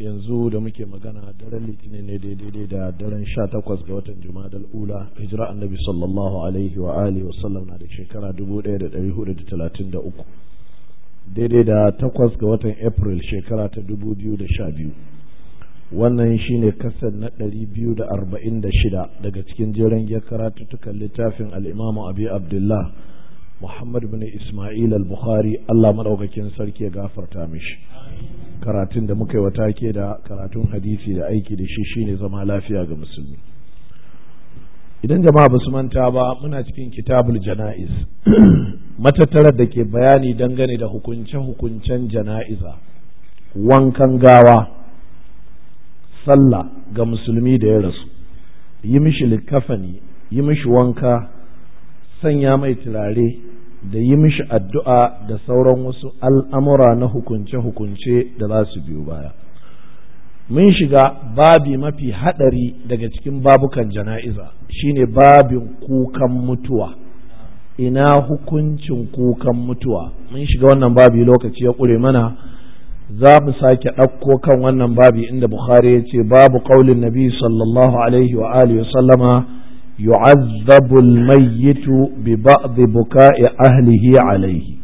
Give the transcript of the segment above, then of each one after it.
yanzu da muke magana daren litinin ne daidai da daren sha takwas ga watan jumadal ula hijira annabi sallallahu alaihi wa alihi wa sallam na da shekara dubu ɗaya da dari hudu da talatin da uku daidai da takwas ga watan april shekara ta dubu biyu da sha biyu wannan shi ne kasar na ɗari biyu da arba'in da shida daga cikin jeren ya karatuttukan littafin al'imamu abi abdullah muhammad bin ismail al-bukhari allah maɗaukakin sarki ya gafarta mishi karatun da muka yi wata ke da karatun hadisi da aiki da shi shine zama lafiya ga musulmi idan jama'a ba su manta ba muna cikin kitabul jana'iz matattarar da ke bayani dangane da hukunce-hukuncen jana'iza wankan gawa sallah ga musulmi da ya rasu yi mishi likafani yi mishi wanka sanya mai turare da yi mishi addu'a da sauran wasu al'amura na hukunce-hukunce da za su biyu baya mun shiga babi mafi haɗari daga cikin babukan jana'iza shine babin kukan mutuwa ina hukuncin kukan mutuwa mun shiga wannan babi lokaci ya ƙure mana za mu sake ɗauko kan wannan babi inda bukhari ya ce babu ƙaulin nabi sallallahu alaihi wa alihi wa sallama يعذب الميت ببعض بكاء أهله عليه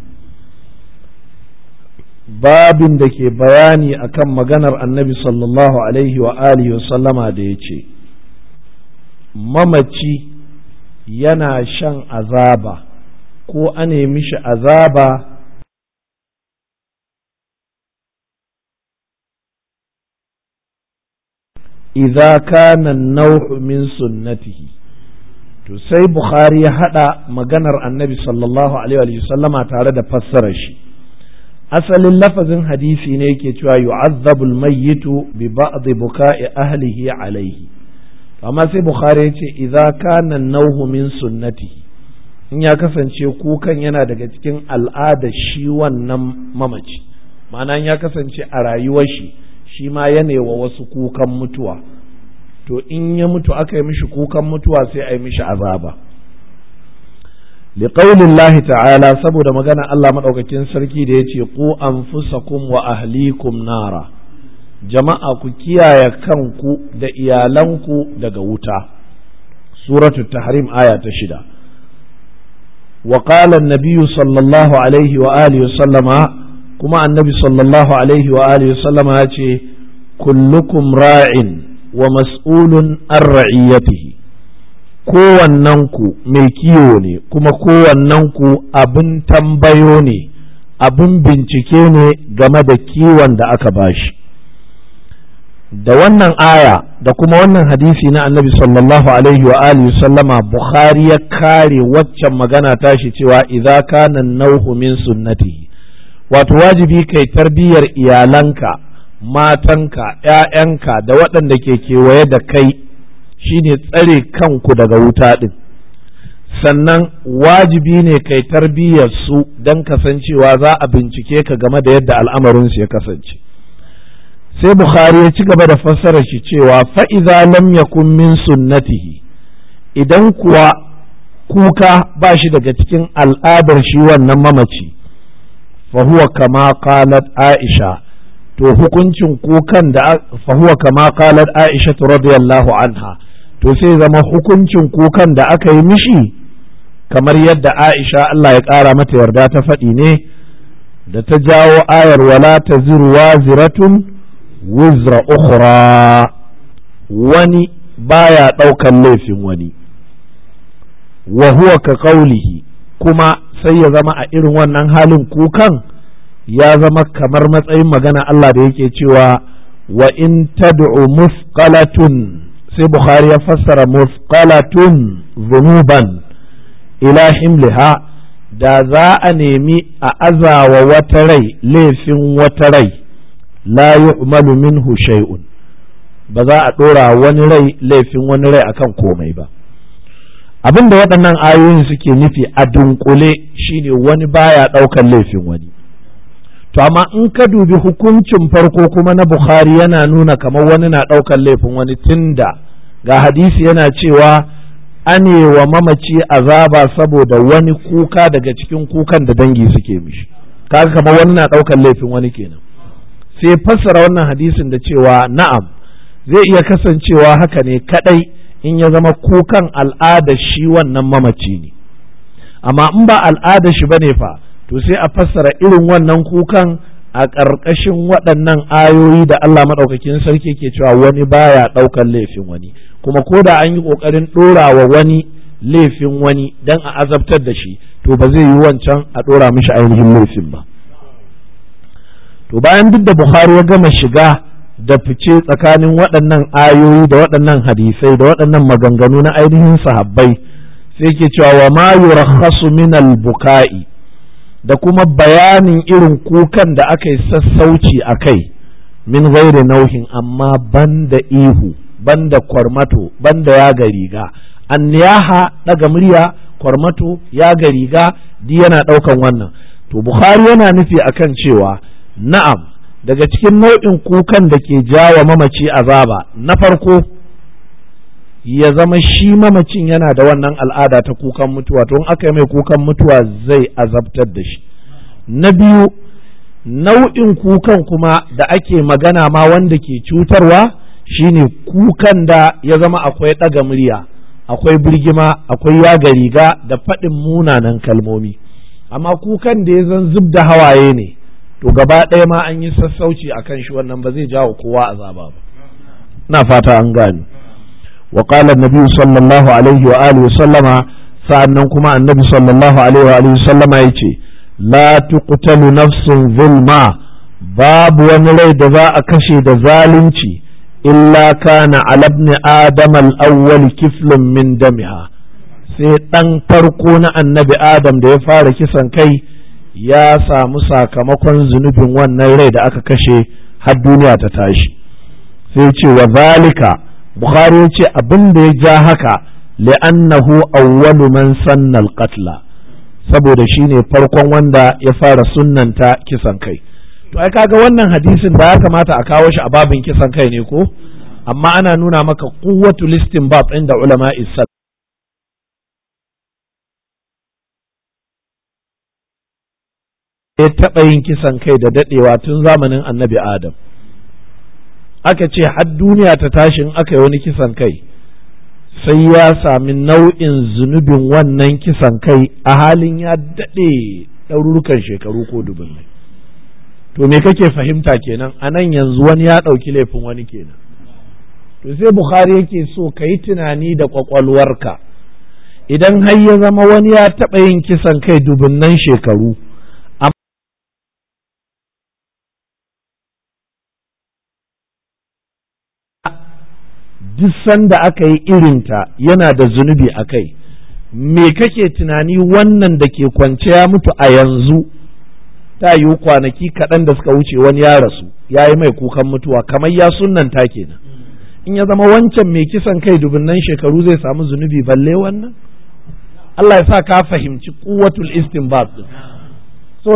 babin da ke bayani akan maganar annabi sallallahu alaihi wa alihi wa sallama da ya ce mamaci yana shan azaba ko a nemi shi azaba idza kana nau'u min sunnatihi to sai bukhari ya hada maganar annabi sallallahu alaihi wa sallama tare da fassarar shi asalin lafazin hadisi ne yake cewa yu'azzabul mayyitu bi ba'd buka'i ahlihi alaihi amma sai bukhari ya ce idza kana nauhu min sunnati in ya kasance kukan yana daga cikin al'ada shi wannan mamaci ma'ana ya kasance a rayuwar shi shi ma wa wasu kukan mutuwa to in ya mutu aka yi mishi kukan mutuwa sai a yi mishi azaba liqaulin lahi ta'ala saboda magana Allah maɗaukakin sarki da ya ce ku anfusakum wa ahlikum nara jama'a ku kiyaye kanku da iyalanku daga wuta suratu tahrim aya ta shida wa qala sallallahu alaihi wa alihi wa sallama kuma annabi sallallahu alaihi wa alihi wa sallama ya ce kullukum ra'in wa mas'ulun an ra'iyatihi kowannen ku mai kiwo ne kuma kowannen ku abin tambayo ne abin bincike ne game da kiwon da aka bashi da wannan aya da kuma wannan hadisi na annabi sallallahu alaihi wa alihi sallama bukhari ya kare waccan magana tashi cewa idza kana nauhu min sunnati wato wajibi kai tarbiyyar iyalanka matanka ‘ya'yanka da waɗanda ke kewaye da kai shine tsare kanku daga wuta ɗin sannan wajibi ne kai tarbiyyar su don kasancewa za a bincike ka game da yadda al'amarinsu ya kasance sai bukhari ya ci gaba da fassara shi cewa fa'iza lam yakun min sunnatihi idan kuwa kuka ba shi daga cikin al'adar shi wannan mamaci fahuwa kama qalat aisha to hukuncin kukan da fahuwa kama qalat Aisha radiyallahu anha to sai zama hukuncin kukan da aka yi mishi kamar yadda Aisha Allah ya ƙara mata yarda ta faɗi ne da ta jawo ayar wala taziru waziratun wuzra ukhra wani baya ɗaukan laifin wani wa huwa ka qaulihi kuma sai ya zama a irin wannan halin kukan ya zama kamar matsayin magana Allah da yake cewa wa in tad'u musqalatun sai Bukhari ya fassara musqalatun zunuban ila himliha da za a nemi a azawa wata rai laifin wata rai la yu'malu minhu shay'un ba za a ɗora wani rai laifin wani rai akan komai ba Abinda waɗannan ayoyin suke nufi a dunkule shine wani baya ɗaukan laifin wani to amma in ka dubi hukuncin farko kuma na bukhari yana nuna kamar wani na ɗaukar laifin wani tunda ga hadisi yana cewa ane wa mamaci azaba saboda wani kuka daga cikin kukan da dangi suke mishi kaga kamar wani na ɗaukar laifin wani kenan sai fassara wannan hadisin da cewa na'am zai iya kasancewa haka ne kadai in ya zama kukan al'ada shi wannan mamaci ne amma in ba al'ada shi bane fa to sai a fassara irin wannan kukan a ƙarƙashin waɗannan ayoyi da Allah maɗaukakin sarki ke cewa wani baya ɗaukar laifin wani kuma ko da an yi ƙoƙarin ɗora wa wani laifin wani don a azabtar da shi to ba zai yi wancan a ɗora mishi ainihin laifin ba to bayan duk da buhari ya gama shiga da fice tsakanin waɗannan ayoyi da waɗannan hadisai da waɗannan maganganu na ainihin sahabbai sai ke cewa wa ma yurakhasu min al-buka'i da kuma bayanin irin kukan da aka yi sassauci a kai min zaire nauhin amma banda ihu banda kwarmato banda ya ga riga anniyaha daga murya kwarmato ya ga di yana daukan wannan to bukhari yana nufi akan cewa na'am daga cikin nau'in kukan da ke jawa mamaci azaba na farko ya zama shi mamacin yana da wannan al'ada ta kukan mutuwa to in aka yi mai kukan mutuwa zai azabtar da shi na biyu nau'in kukan kuma da ake magana ma wanda ke cutarwa shine kukan da ya zama akwai ɗaga murya akwai birgima akwai yaga riga da faɗin munanan kalmomi amma kukan da ya zan zub da hawaye ne to gaba ɗaya ma an yi sassauci akan shi wannan ba zai jawo kowa azaba ba na fata an gani wa qala an-nabi sallallahu alaihi wa alihi sallama sa'annan kuma annabi sallallahu alaihi wa alihi sallama yace la tuqtalu nafsun zulma babu wani rai da za a kashe da zalunci illa kana ala ibn adam al-awwal kiflun min damiha sai dan farko na annabi adam da ya fara kisan kai ya samu sakamakon zunubin wannan rai da aka kashe har duniya ta tashi sai ce wa zalika bukhari ya ce abin da ya ja haka li'annahu awwalu man sanna al-qatla saboda shine farkon wanda ya fara sunnanta kisan kai to ai kaga wannan hadisin da ya kamata a kawo shi a babin kisan kai ne ko amma ana nuna maka quwwatul istinbat inda ulama isal ya taɓa yin kisan kai da daɗewa tun zamanin annabi adam aka ce har duniya ta tashi in aka yi wani kisan kai sai ya sami nau'in zunubin wannan kisan kai a halin ya daɗe ɗaurukan shekaru ko dubin to me kake fahimta kenan a nan yanzu wani ya ɗauki laifin wani kenan to sai bukhari yake so ka yi tunani da ƙwaƙwalwarka idan har ya zama wani ya taɓa yin kisan kai nan shekaru duk sanda aka yi irin ta yana da zunubi a kai me kake tunani wannan da ke kwance ya mutu a yanzu ta yi kwanaki kaɗan da suka wuce wani ya rasu ya yi mai kukan mutuwa kamar ya sunanta kenan in ya zama wancan mai kisan kai dubunnan shekaru zai samu zunubi balle wannan Allah ya sa ka fahimci kuwatul istinbat din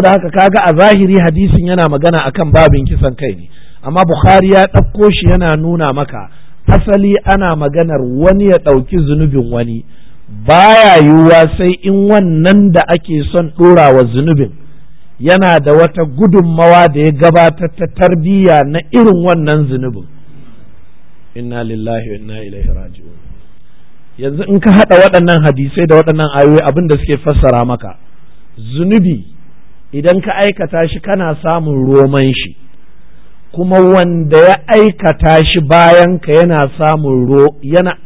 da haka kaga a zahiri hadisin yana magana akan babin kisan kai ne amma Bukhari ya ɗauko shi yana nuna maka asali ana maganar wani ya ɗauki zunubin wani baya yiwuwa sai in wannan da ake son ɗorawa zunubin yana da wata gudunmawa da ya gabatar ta tarbiyya na irin wannan zunubin inna lillahi wa inna ilaihi raji'un yanzu in ka haɗa waɗannan hadisai da waɗannan ayoyi abin da suke fassara maka zunubi idan ka aikata shi kana samun roman shi kuma wanda ya aikata shi bayan ka yana samun ro yana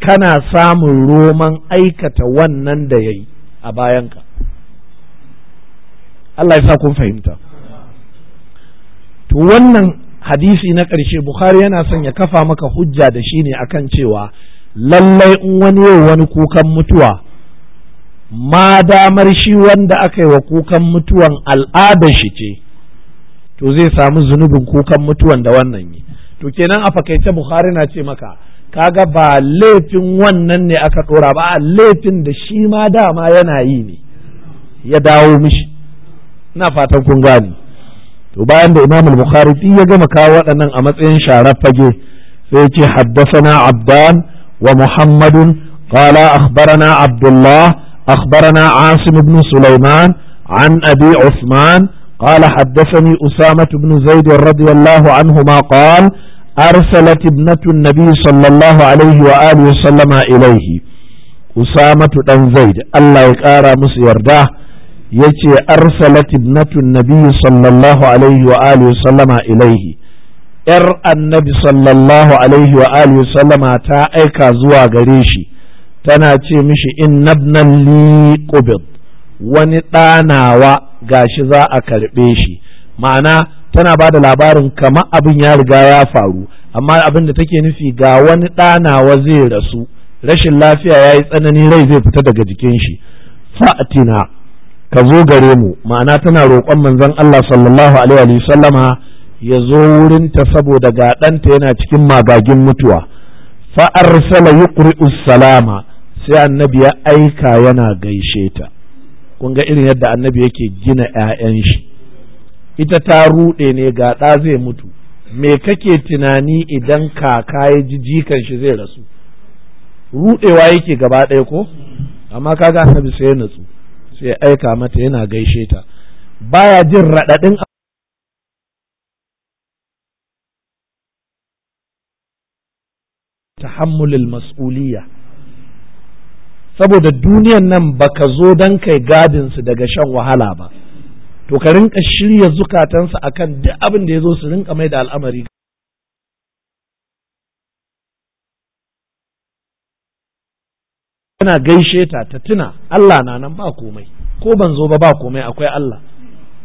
kana samun roman aikata wannan da ya yi a bayanka Allah ya sa kun fahimta to wannan hadisi na ƙarshe Bukhari yana son ya kafa maka hujja da shi ne akan cewa lallai in wani yau wani kukan mutuwa ma damar shi wanda aka yi wa kukan mutuwan al'adar shi ce to zai samu zunubin kukan mutuwan da wannan yi to kenan a fakaice bukhari na ce maka kaga ba laifin wannan ne aka ɗora ba laifin da shi ma dama yana yi ne ya dawo mishi ina fatan kun gani to bayan da imam bukhari duk ya gama kawo waɗannan a matsayin sharar fage sai ce haddasana abdan wa muhammadun qala akhbarana abdullah akhbarana asim ibn sulaiman an abe usman قال حدثني أسامة بن زيد رضي الله عنهما قال أرسلت ابنة النبي صلى الله عليه وآله وسلم إليه أسامة بن زيد الله يقارى مسيرده yace arsalat ibnatun nabi sallallahu alaihi wa alihi ilaihi yar annabi sallallahu alaihi wa alihi wa ta aika zuwa gare shi tana ce mishi innabnan li qubid wani ɗanawa shi za a karɓe shi ma'ana tana ba da labarin kama abin ya riga ya faru amma abin da take nufi ga wani ɗanawa zai rasu rashin lafiya ya yi tsanani rai zai fita daga jikin shi fa'atina ka zo gare mu ma'ana tana roƙon manzon Allah sallallahu alaihi sallama ya zo wurinta saboda ga ɗanta yana cikin magagin mutuwa fa'arsala yuqri'us salama sai annabi ya aika yana gaishe ta kun ga irin yadda annabi yake gina 'ya'yan shi ita ta ruɗe ne ga ɗa zai mutu me kake tunani idan kaka ya ji jikan shi zai rasu ruɗewa yake gaba ɗaya ko amma kaga annabi sai ya natsu sai ya aika mata yana gaishe ta baya jin raɗaɗin tahammulul mas'uliyya saboda duniyan nan baka zo don kai gadin su daga shan wahala ba to ka rinka shirya zukatansu akan duk abin da ya zo su rinka mai da al'amari tana gaishe ta ta tuna Allah na nan ba komai ko ban zo ba ba komai akwai Allah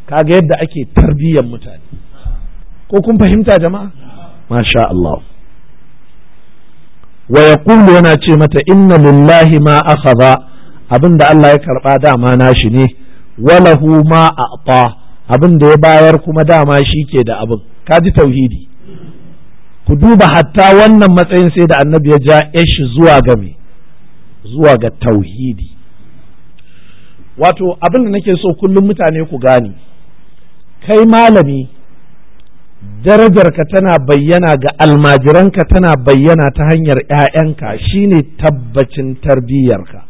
kaga yadda ake tarbiyyar mutane ko kun fahimta jama'a masha Allah wa yaqulu yana ce mata inna lillahi ma akhadha abinda Allah ya karba dama shi ne walahu ma a abin da ya bayar kuma dama shi ke da abin ji tauhidi ku duba hatta wannan matsayin sai da annabi ya ja ishi zuwa ga me zuwa ga tauhidi wato abinda nake so kullum mutane ku gane kai malami darajarka tana bayyana ga almajiranka tana bayyana ta hanyar ‘ya'yanka shine tabbacin tarbiyyarka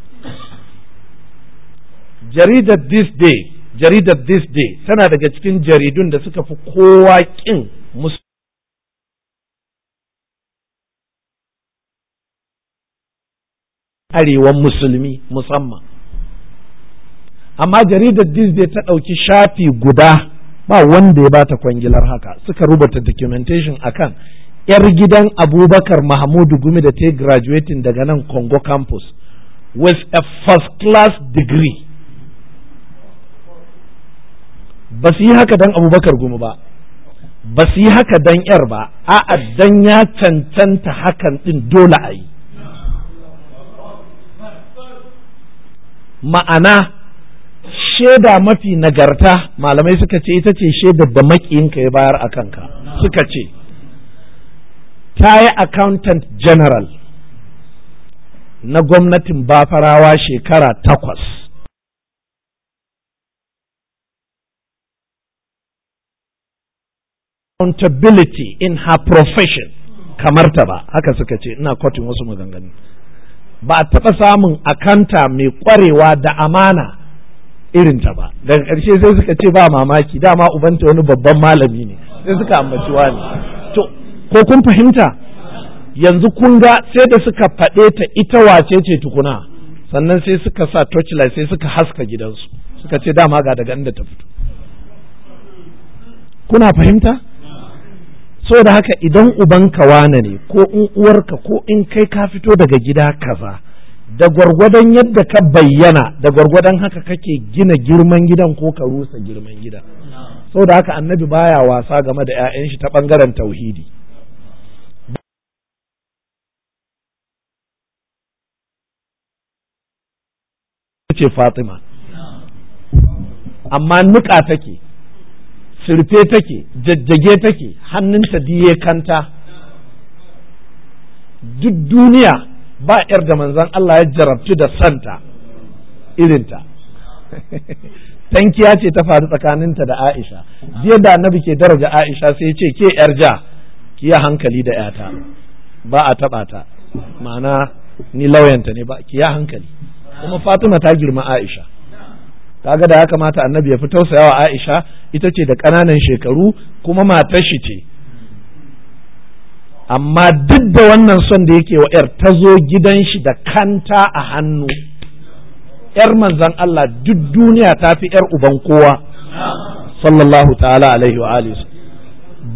jaridar this day jaridar this day tana daga cikin jaridun da suka fi kowa ƙin musu arewan musulmi musamman amma jaridar disney ta ɗauki shafi guda ba wanda ya bata kwangilar haka suka rubuta documentation akan yar gidan abubakar mahmudu gumi da ta graduating daga nan congo campus with a first class degree ba su yi haka dan abubakar gumi ba ba su yi haka dan yar ba a'a dan ya cancanta hakan din dole ayi. ma'ana shaida mafi nagarta malamai suka ce ita ce shaidar da makiyinka ya bayar a kanka suka ce ta yi accountant general na gwamnatin bafarawa shekara takwas accountability in her profession kamar ta ba haka suka ce ina kotun wasu maganganu ba a taɓa samun akanta mai ƙwarewa da amana irin ta ba daga ƙarshe sai suka ce ba mamaki dama ubanta wani babban malami ne sai suka ambaci wani to ko kun fahimta yanzu kun ga sai da suka faɗe ta ita wace ce tukuna sannan sai suka sa torchlight sai suka haska gidansu suka ce dama ga daga inda ta fito kuna fahimta so da haka idan ubanka wane ne ko in uwarka ko in kai ka fito daga gida kaza da gwargwadon yadda ka bayyana da gwargwadon haka kake gina girman gidan ko ka rusa girman gidan sau da haka annabi baya wasa game da 'ya'yan shi ta ɓangaren tauhidi fatima amma nuka take sirfe take jajjage take hannunta diye kanta duk duniya ba yar da manzan Allah ya jarabtu da santa irinta tankiya ce ta faru tsakaninta da Aisha jiya da annabi ke daraja Aisha sai ya ce ke yar ja ki hankali da yata ba a taba ta ma'ana ni lauyanta ne ba ki ya hankali kuma Fatima ta girma Aisha kaga da ya kamata annabi ya fi tausayawa Aisha ita ce da ƙananan shekaru kuma matar shi ce amma duk da wannan son da yake wa ‘yar ta zo gidan shi da kanta a hannu ‘yar manzan Allah duk duniya ta fi ‘yar uban kowa sallallahu ta'ala alaihi wa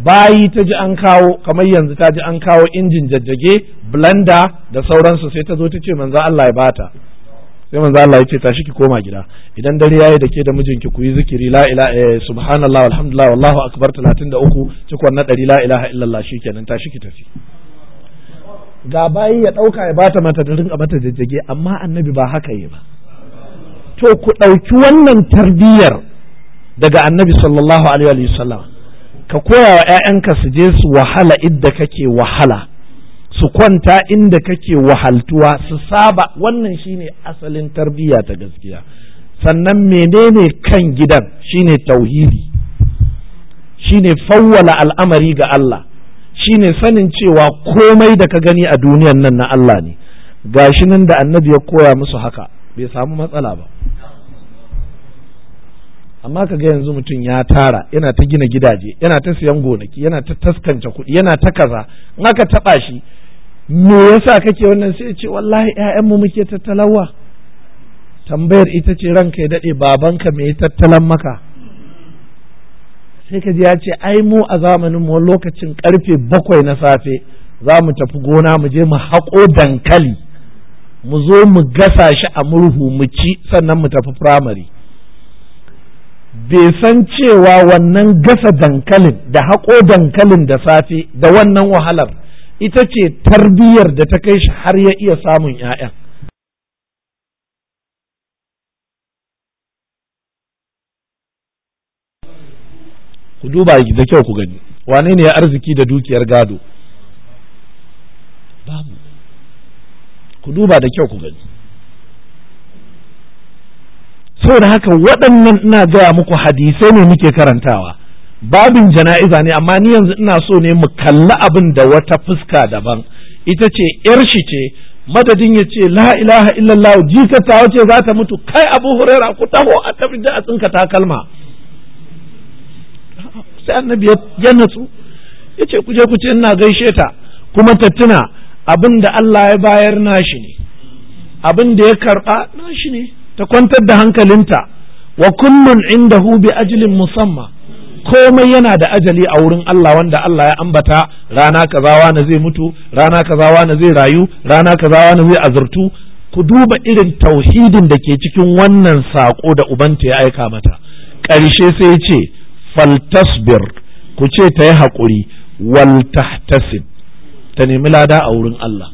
bayi ta ji an kawo kamar yanzu ta ji an kawo injin jajjage blender da sauransu sai ta zo ta ce manzan Allah ya bata sai manzo Allah ya ce tashi ki koma gida idan dare yayi da ke da mijinki ku yi zikiri la ilaha eh, subhanallah walhamdulillah wallahu akbar 33 cikon na ɗari la ilaha illallah shikenan tashi ki tafi ga bayi ya dauka ya bata mata da rinka mata jajjage amma annabi ba haka yi ba to ku dauki wannan tarbiyar daga annabi sallallahu alaihi wa sallam ka koya wa 'ya'yanka su je su wahala idda kake wahala su kwanta inda kake wahaltuwa su saba wannan shine asalin tarbiyya ta gaskiya sannan menene kan gidan shine tauhidi shine fawwala al'amari ga Allah shine sanin cewa komai da ka gani a duniyan nan na Allah ne gashi nan da annabi ya koya musu haka bai samu matsala ba amma ka ga yanzu mutum ya tara yana ta gina gidaje yana ta siyan gonaki yana ta taskance kuɗi yana ta kaza in aka taɓa shi me yasa kake wannan sai ce wallahi ƴaƴanmu muke tattalawa tambayar ita ce ranka ya daɗe babanka me ya tattalan maka sai ka ji ya ce ai mu a zamanin mu lokacin karfe bakwai na safe za mu tafi gona mu je mu haƙo dankali mu zo mu gasa shi a murhu mu ci sannan mu tafi firamare bai san cewa wannan gasa dankalin da haƙo dankalin da safe da wannan wahalar ita ce tarbiyyar da ta kai shi har ya iya samun 'ya'yan ku duba da kyau ku gani wane ne ya arziki da dukiyar gado babu ku duba da kyau ku gani saboda haka waɗannan ina gaya muku hadisai ne muke karantawa babin jana'iza ne amma ni yanzu ina so ne mu kalli abin da wata fuska daban ita ce yar shi ce madadin ya ce la ilaha illallah ta wace za ta mutu kai abu huraira ku taho a tafi da a tsinka takalma sai annabi ya natsu ya ce kuje kuce ina gaishe ta kuma ta tuna abin da Allah ya bayar nashi ne abin da ya karba nashi ne ta kwantar da hankalinta wa kullun indahu bi ajlin musamma komai yana da ajali a wurin Allah wanda Allah ya ambata rana kaza wani zai mutu rana kaza wani zai rayu rana kaza wani zai azurtu ku duba irin tauhidin da ke cikin wannan saƙo da ubanta ya aika mata ƙarshe sai ya ce faltasbir ku ce ta yi haƙuri wal tahtasib ta nemi lada a wurin Allah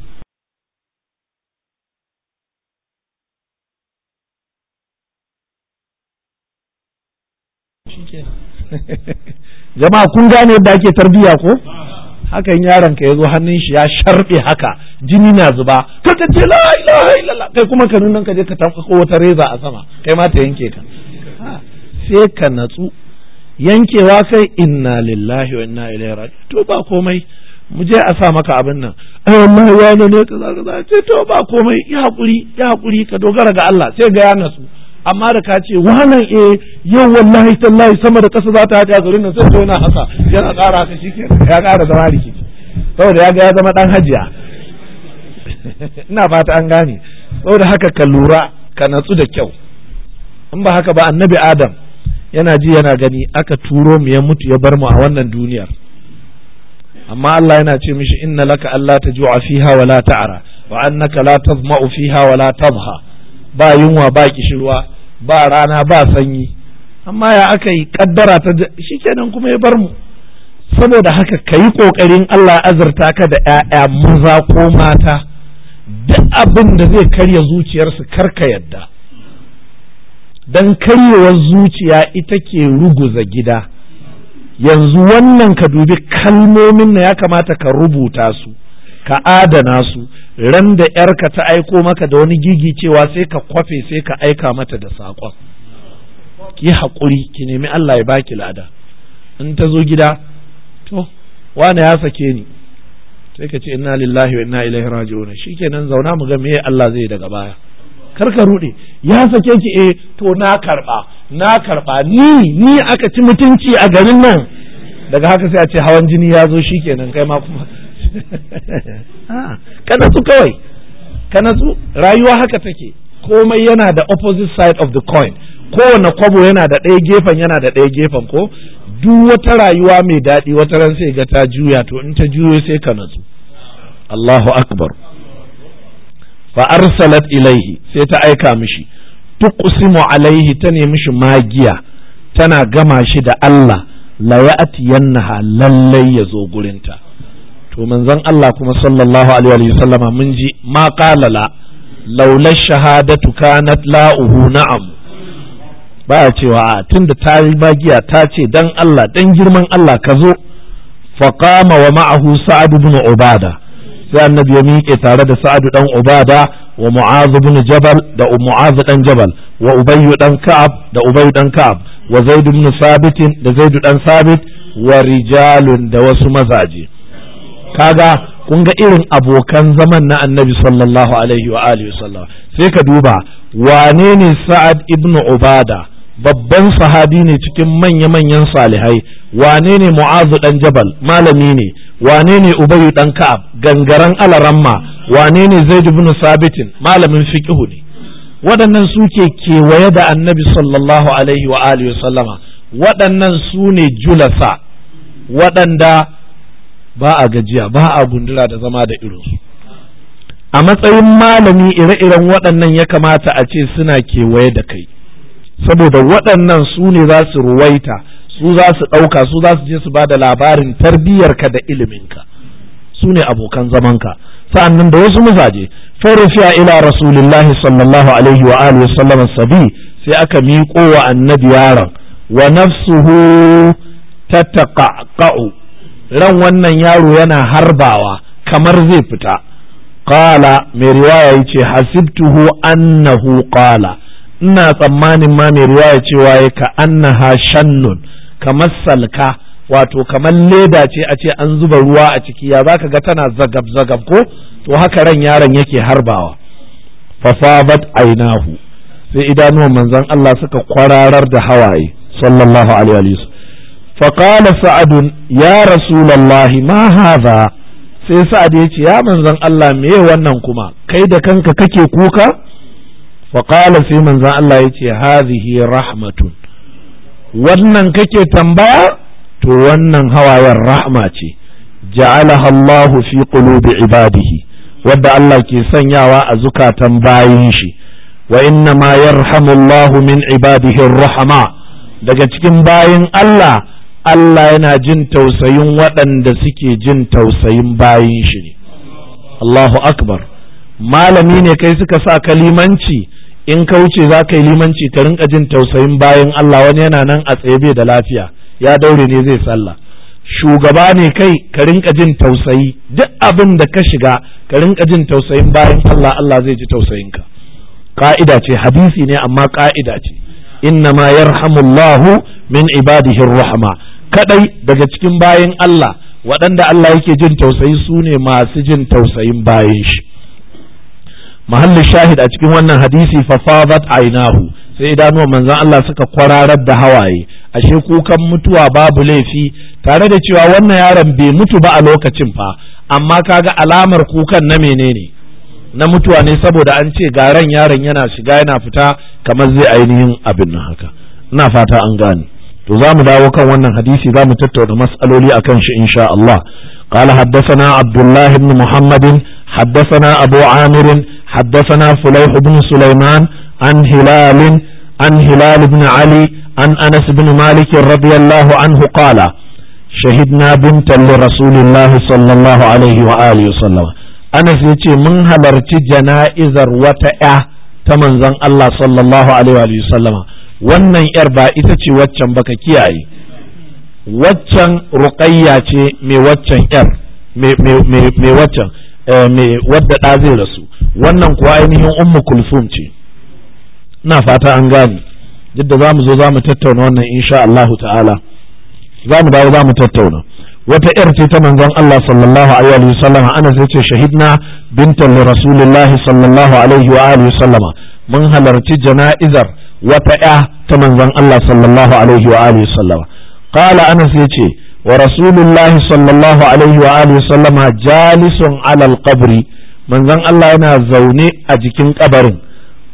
you. jama'a kun gane yadda ake tarbiyya ko hakan yaron ka yazo hannun shi ya sharbe haka jini na zuba ka ce la ilaha illallah kai kuma ka nunan ka je ka tafka wata reza a sama kai ma ta yanke ka sai ka natsu yankewa kai inna lillahi wa inna ilaihi raji to ba komai mu je a sa maka abin nan ai wallahi wani ne kaza kaza ce to ba komai ya hakuri ya hakuri ka dogara ga Allah sai ga ya natsu amma da ka ce wannan eh yau wallahi tallahi sama da kasa za ta haɗe a garin nan sai zo haka yana ƙara haka shi ya ƙara zama rikici saboda ya ga ya zama ɗan hajiya ina fata an gane saboda haka ka lura ka natsu da kyau in ba haka ba annabi adam yana ji yana gani aka turo mu ya mutu ya bar mu a wannan duniyar amma Allah yana ce mishi inna laka Allah ta fiha wa la ta'ara wa annaka la tazma'u fiha wala la tadha ba yunwa ba kishirwa ba rana ba sanyi amma ya aka yi kaddara ta shi kenan kuma ya bar mu saboda haka ka yi ƙoƙarin Allah azurta ka da ‘ya'ya maza ko mata duk abin da zai karya zuciyarsu karka yadda don karyewar zuciya ita ke ruguza gida yanzu wannan ka dubi kalmomin na ya kamata ka rubuta su ka adana su ran da yarka ta aiko maka da wani gigi cewa sai ka kwafe sai ka aika mata da saƙon ki haƙuri ki nemi Allah ya baki lada in ta zo gida to wane ya sake ni sai ka ce inna lillahi wa inna ilaihi raji'un shikenan zauna mu ga me Allah zai daga baya kar ka rude ya sake ki eh to na karba na karba ni ni aka ci mutunci a garin nan daga haka sai a ce hawan jini ya zo shikenan kai ma kuma Ah, ka natsu kawai ka natsu rayuwa haka take komai yana da opposite side of the coin kowane kwabo yana da ɗaya gefen yana da ɗaya gefen ko duk wata rayuwa mai daɗi wata ran sai ga ta juya to in ta juyo sai ka natsu Allahu akbar fa arsalat ilaihi sai ta aika mishi tuqsimu alaihi ta nemi shi magiya tana gama shi da Allah la ya'tiyannaha lallai ya zo gurinta to manzon Allah kuma sallallahu alaihi wa sallama mun ji ma qala laula shahadatu kanat la'uhu na'am baya cewa tunda ta yi magiya ta ce dan Allah dan girman Allah ka zo faqama wa ma'ahu sa'ad ibn ubada sai annabi ya miƙe tare da sa'ad dan ubada wa mu'az ibn jabal da mu'az dan jabal wa ubay dan ka'ab da ubay dan ka'ab wa zaid ibn sabit da zaid dan sabit wa rijalun da wasu mazaje kaga kun ga irin abokan zaman na annabi sallallahu alaihi wa alihi sallam sai ka duba wane ne sa'ad ibn ubada babban sahabi ne cikin manya-manyan salihai wane ne mu'azu dan jabal malami ne wane ne ubayu dan ka'ab gangaran alaramma wane ne zaid ibn sabitin malamin fiqh ne waɗannan ke kewaye da annabi sallallahu alaihi wa alihi sallama waɗannan su ne julasa waɗanda ba a gajiya ba a gundura da zama da irinsu a matsayin malami ire-iren waɗannan ya kamata a ce suna kewaye da kai saboda waɗannan su ne za su ruwaita su za su ɗauka su za su je su ba da labarin tarbiyyarka da iliminka su ne abokan zamanka sa'annan da wasu mazaje farisiya ila rasulillahi sallallahu alaihi wa alihi wasallam sabi sai aka miƙo wa annabi yaron wa nafsuhu tataqa'u ran wannan yaro yana harbawa kamar zai fita qala mai riwaya yace hasibtuhu annahu qala ina tsammanin ma mai riwaya cewa ya ka annaha shannun kamar salka wato kamar leda ce a ce an zuba ruwa a ciki ya zaka ga tana zagab zagab ko to haka ran yaron yake harbawa fasabat ainahu sai idanuwan manzan Allah suka kwararar da hawaye sallallahu alaihi wa faƙala sa'adun ya rasulallahi ma haza sai sa'ad ya ce ya manzan Allah me wannan kuma kai da kanka kake kuka faƙala sai manzan Allah ya ce hazihi rahmatun wannan kake tambaya to wannan hawayen rahma ce ja'alaha Allahu fi qulubi ibadihi wadda Allah ke sanyawa a zukatan bayin shi wa inna ma yarhamu Allahu min ibadihi rahama daga cikin bayin Allah Allah yana jin tausayin waɗanda suke jin tausayin bayan shi ne Allahu akbar malami ne kai suka sa ka limanci in ka wuce za ka yi limanci ka rinka jin tausayin bayan Allah wani yana nan a tsaye bai da lafiya ya daure ne zai sallah shugaba ne kai ka rinka jin tausayi duk abin da ka shiga ka rinka jin tausayin bayan Allah Allah zai ji tausayin ka ka'ida ce hadisi ne amma ka'ida ce inna ma yarhamullahu min ibadihin rahma kadai daga cikin bayin Allah waɗanda Allah yake jin tausayi su ne masu jin tausayin bayin shi mahallin shahid a cikin wannan hadisi fa fadat ainahu sai idanuwan manzon Allah suka kwararar da hawaye ashe kukan mutuwa babu laifi tare da cewa wannan yaron bai mutu ba a lokacin fa amma kaga alamar kukan na menene na mutuwa ne saboda an ce garan yaron yana shiga yana fita kamar zai ainihin abin haka ina fata an gane to za mu dawo kan wannan hadisi za mu tattauna mas'aloli akan shi insha Allah قال حدثنا عبد الله بن محمد حدثنا أبو عامر حدثنا فليح بن سليمان عن هلال عن هلال بن علي عن أنس بن مالك رضي الله عنه قال شهدنا بنتا لرسول الله صلى الله عليه وآله وسلم أنس يتي من هلرت جنائز وتأه تمن الله صلى الله عليه وآله وسلم wannan yar ba ita ce waccan baka kiyaye waccan ruqayya ce mai waccan yar mai waccan eh, wadda ɗa zai rasu wannan kuwa ainihin ummu kulsum ce ina fata an gane yadda za mu zo za mu tattauna wannan insha Allahu ta'ala za mu dawo za mu tattauna wata ‘yar ce ta manzon Allah sallallahu alaihi wa sallama ana zai ce shahidna bintan rasulullahi sallallahu alaihi wa alihi sallama mun halarci jana'izar wata ya ta manzon Allah sallallahu alaihi wa alihi sallama qala anas yace wa rasulullah sallallahu alaihi wa alihi sallama jalisun ala alqabri manzon Allah yana zaune a jikin kabarin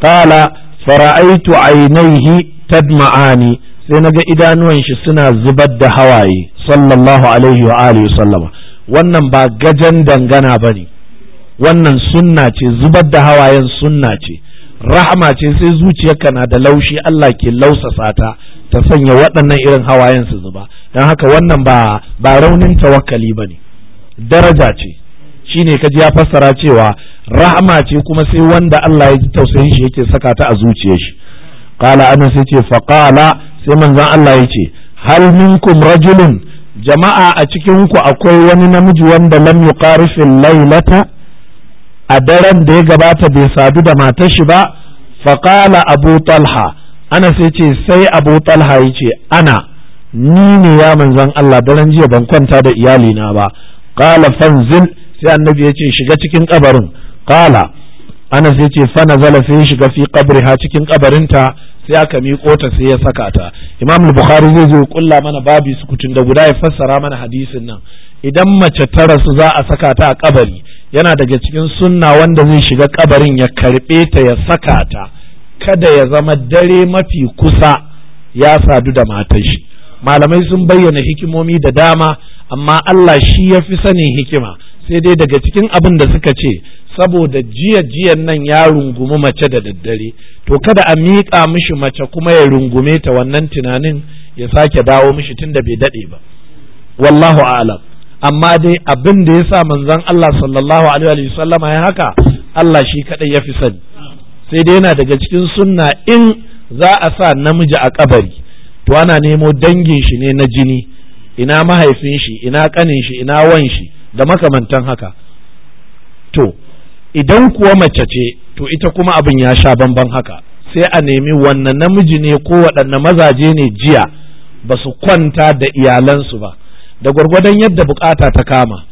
qala fara'aitu ainaihi tadma'ani sai naga idanuwan shi suna zubar da hawaye sallallahu alaihi wa alihi sallama wannan ba gajan dangana bane wannan sunna ce zubar da hawayen sunna ce rahama ce sai zuciyarka na da laushi Allah ke lausasa ta ta sanya waɗannan irin hawayen su zuba don haka wannan ba ba raunin tawakkali ba ne daraja ce shi ne kaji ya fassara cewa rahama ce kuma sai wanda Allah ya ji tausayin shi yake saka ta a zuciyar shi qala anas sai ce qala sai manzon Allah ya ce hal minkum rajulun jama'a a cikin ku akwai wani namiji wanda lam yuqarifil Lailata? a daren da ya gabata bai sadu da matar shi ba faƙala abu talha ana sai ce sai abu talha ya ce ana ni ne ya manzan Allah daren jiya ban kwanta da iyalina ba ƙala fanzil sai annabi ya ce shiga cikin kabarin ƙala ana sai ce fana zala sai shiga fi kabri ha cikin kabarinta sai aka miƙo ta sai ya saka ta imam bukhari zai zo kulla mana babu sukutun da guda ya fassara mana hadisin nan idan mace ta rasu za a saka ta a kabari yana daga cikin sunna wanda zai shiga kabarin ya karɓe ta ya saka ta kada ya zama dare mafi kusa ya sadu da matar shi malamai sun bayyana hikimomi da dama amma Allah shi ya fi sanin hikima sai dai daga cikin abin da suka ce saboda jiya jiyan nan ya rungumi mace da daddare to kada a miƙa mishi mace kuma ya rungume ta wannan tunanin ya sake dawo mishi tunda bai daɗe ba wallahu a'lam amma dai abin da ya sa manzan Allah sallallahu alaihi wa sallama ya haka Allah shi kaɗai ya fi sani sai dai yana daga cikin sunna in za a sa namiji a kabari to ana nemo dangin shi ne na jini ina mahaifin shi ina kanin shi ina wan shi da makamantan haka to idan kuwa mace ce to ita kuma abin ya sha bamban haka sai a nemi wanne namiji ne ko waɗanne mazaje ne jiya ba su kwanta da iyalansu ba da gwargwadon yadda bukata ta kama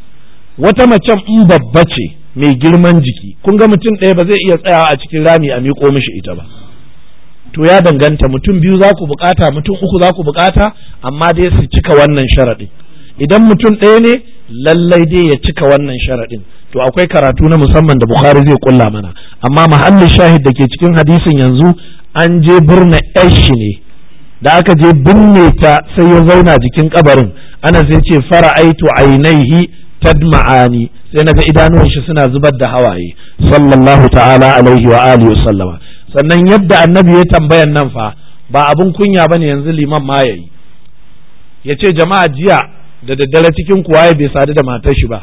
wata macen in babba ce mai girman jiki kun ga mutum ɗaya ba zai iya tsayawa a cikin rami a miƙo mishi ita ba to ya danganta mutum biyu za ku bukata mutum uku za ku bukata amma dai su cika wannan sharaɗin idan mutum ɗaya ne lallai dai ya cika wannan sharaɗin to akwai karatu na musamman da bukhari zai kulla mana amma muhallin shahid da ke cikin hadisin yanzu an je birnin shi ne da aka je binne ta sai ya zauna jikin kabarin anas ya ce fara aitu ainihi tadma'ani sai naga idanuwan shi suna zubar da hawaye sallallahu ta'ala alaihi wa alihi wa sallama sannan yadda annabi ya tambayan nan fa ba abun kunya bane yanzu liman ma yayi yace jama'a jiya da daddare cikin kuwaye bai sadu da matar shi ba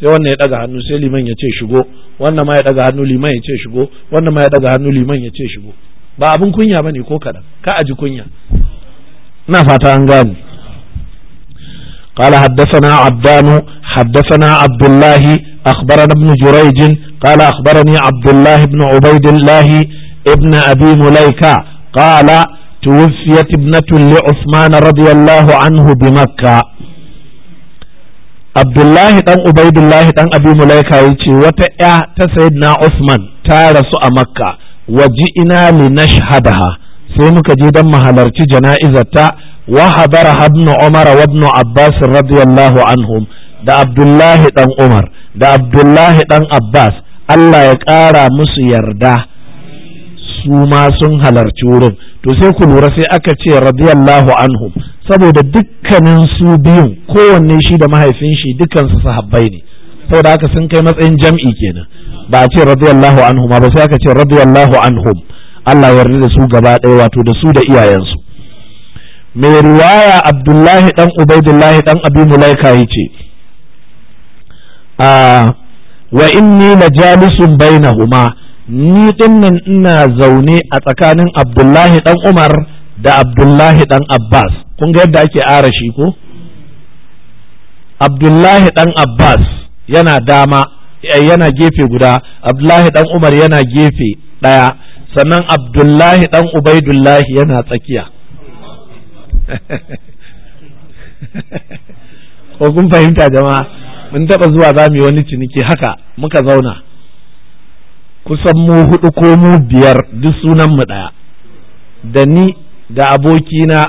sai wannan ya daga hannu sai liman ya ce shigo wannan ma ya daga hannu liman ya shigo wannan ma ya daga hannu liman ya shigo ba abun kunya bane ko kaɗan ka a ji kunya ina fata an gane قال حدثنا عبدان حدثنا عبد الله أخبرنا ابن جريج قال أخبرني عبد الله بن عبيد الله ابن أبي مليكة قال توفيت ابنة لعثمان رضي الله عنه بمكة عبد الله دان عبيد الله دان أبي مليكة يتي وتأ تسيدنا عثمان تارس مكة وجئنا لنشهدها sai muka je don mahalarci jana'izarta وحبرها ابن عمر وابن Abbas رضي الله عنهم da Abdullahi dan Umar da Abdullahi dan Abbas Allah ya ƙara musu yarda su ma sun halarci wurin to sai ku lura sai aka ce radiyallahu anhu saboda dukkanin biyun kowanne shi da mahaifin dukkansu sahabbai ne saboda haka sun kai matsayin jam'i kenan ba a ce radiyallahu anhum ba sai aka ce radiyallahu anhu Allah ya yarda da su gaba ɗaya wato da su da iyayensu mai riwaya abdullahi dan ubaidullahi dan abi mulaika yace a wa inni najalisun bainahuma ni dinnan ina zaune a tsakanin abdullahi dan umar da abdullahi dan abbas kun ga yadda ake ara shi ko abdullahi dan abbas yana dama eh, yana gefe guda abdullahi dan umar yana gefe daya sannan abdullahi dan ubaidullahi yana tsakiya ko kun fahimta jama'a mun taɓa zuwa za mu yi wani ciniki haka muka zauna kusan mu hudu ko mu biyar duk sunan mu daya da ni da abokina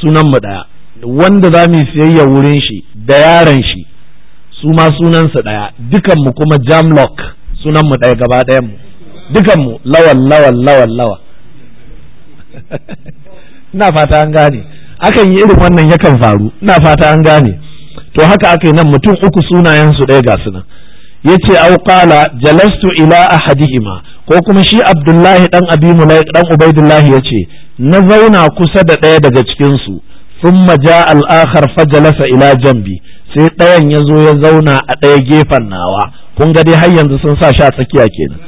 sunan mu daya wanda za mu yi siyayya wurin shi da yaron shi su ma sunansa daya dukan mu kuma jamlock sunan mu daya gaba dayan mu dukan mu lawan lawan lawan lawan ina fata an gane akan yi irin wannan yakan faru ina fata an gane to haka aka nan mutum uku sunayen su ɗaya ga nan yace aw qala jalastu ila ahadihima ko kuma shi abdullahi dan abi mulaik dan ubaidullahi yace na zauna kusa da ɗaya daga cikin su thumma jaa al-akhar fajalasa ila jambi sai ɗayan ya zo ya zauna a ɗaya gefen nawa kun ga dai har yanzu sun sa sha a tsakiya kenan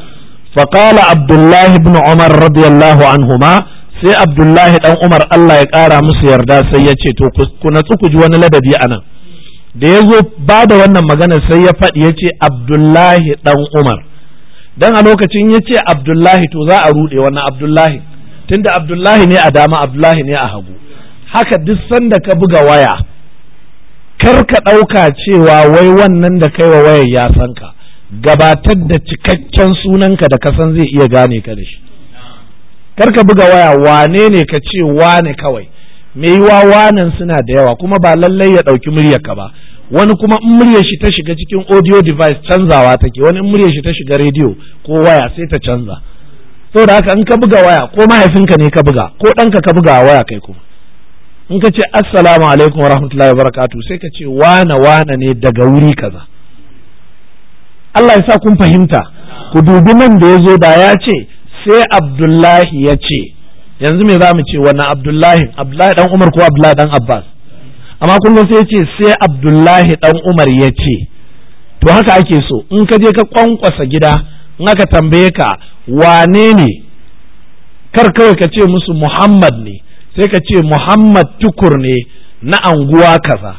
faqala abdullahi ibn umar radiyallahu anhuma sai abdullahi dan umar allah ya kara musu yarda sai ya ce to ku natsu ku ji wani ladabi a nan da ya zo ba da wannan magana sai ya faɗi ya ce abdullahi dan umar dan a lokacin ya ce abdullahi to za a ruɗe wannan abdullahi tunda abdullahi ne a dama abdullahi ne a hagu haka duk sanda ka buga waya kar ka ɗauka cewa wai wannan da kai wa wayar ya san ka gabatar da cikakken sunanka da kasan zai iya gane ka da shi kar ka buga waya wane ne ka ce wane kawai me yiwa wanan suna da yawa kuma ba lallai ya ɗauki muryar ka ba wani kuma in muryar shi ta shiga cikin audio device canzawa take wani in muryar shi ta shiga radio ko waya sai ta canza saboda haka in ka buga waya ko mahaifinka ne ka buga ko ɗanka ka buga waya kai kuma in ka ce assalamu alaikum wa rahmatullahi wa barakatu sai ka ce wane wane ne daga wuri kaza Allah ya sa kun fahimta ku dubi nan da ya zo da ya ce sai abdullahi ya ce yanzu me za mu ce wannan abdullahi abdullahi dan umar ko abdullahi dan abbas amma kun ga sai ya ce sai abdullahi dan umar ya ce to haka ake so in ka je ka kwankwasa gida in aka tambaye ka wane ne kar kawai ka ce musu muhammad ne sai ka ce muhammad tukur ne na anguwa kaza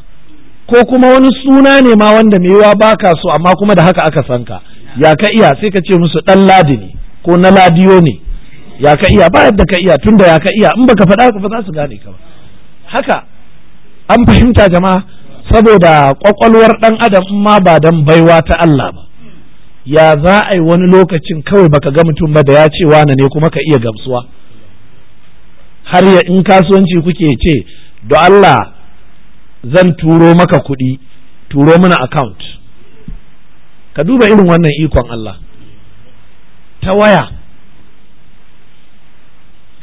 ko kuma wani suna ne ma wanda mai yiwa baka so amma kuma da haka aka san ka ya ka iya sai ka ce musu dan ladi ne ko na ladiyo ne ya ka iya ba yadda ka iya tunda ya ka iya in baka faɗa ba za su gane ka ba haka an fahimta jama'a saboda kwakwalwar ɗan adam in ma ba dan baiwa ta Allah ba ya za a yi wani lokacin kawai baka ga mutum ba da ya ce wane ne kuma ka iya gamsuwa har ya in kasuwanci kuke ce da Allah zan turo maka kuɗi turo mana account ka duba irin wannan ikon Allah ta waya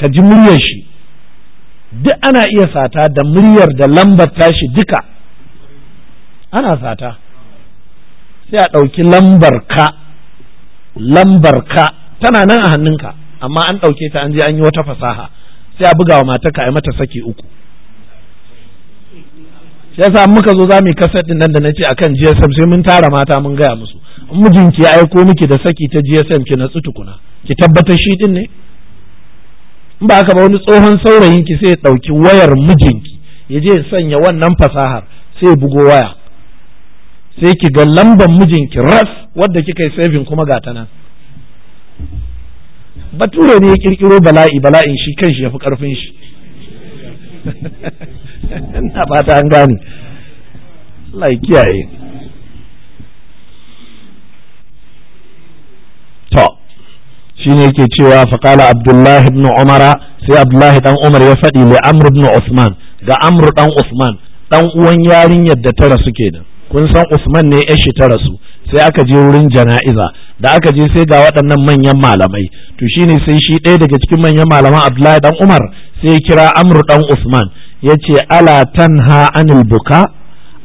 ka ji muryar shi duk ana iya sata da muryar da lambar tashi duka ana sata sai a ɗauki lambar ka lambar ka tana nan a hannunka amma an ɗauke ta an je an yi wata fasaha sai a buga wa matarka a mata saki uku yasa muka zo za mu kasar din nan da nace akan GSM sai mun tara mata mun gaya musu in mijinki ya aiko miki da saki ta GSM ki na tukuna ki tabbatar shi din ne in ba haka ba wani tsohon saurayin ki sai ya dauki wayar mijinki ya je sanya wannan fasahar sai ya bugo waya sai ki ga lambar mijinki ras wadda kika yi saving kuma ga ta nan bature ne ya ƙirƙiro bala'i bala'in shi kan shi ya fi karfin shi ina fata an gani. Allah ya kiyaye to shine yake cewa faqala abdullahi ibn umara sai abdullahi dan umar ya faɗi li amr ibn usman ga amr dan usman dan uwan yarinyar da ta rasu kenan kun san usman ne shi ta rasu sai aka je wurin jana'iza da aka je sai ga waɗannan manyan malamai to shine sai shi ɗaya daga cikin manyan malaman Abdullahi dan Umar sai ya kira Amr dan Usman yace ala tanha anil buka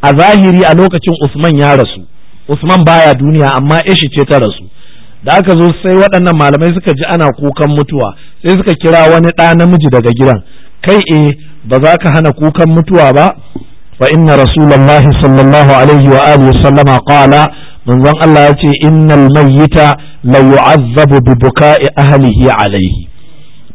a zahiri a lokacin Usman ya rasu Usman baya duniya amma ishi ce ta rasu da aka zo sai waɗannan malamai suka ji ana kukan mutuwa sai suka kira wani ɗa namiji daga gidan kai e ba za ka hana kukan mutuwa ba fa inna rasulullahi sallallahu alaihi wa alihi sallama qala manzon Allah ya ce innal mayyita la yu'azzabu bi buka'i ahlihi alayhi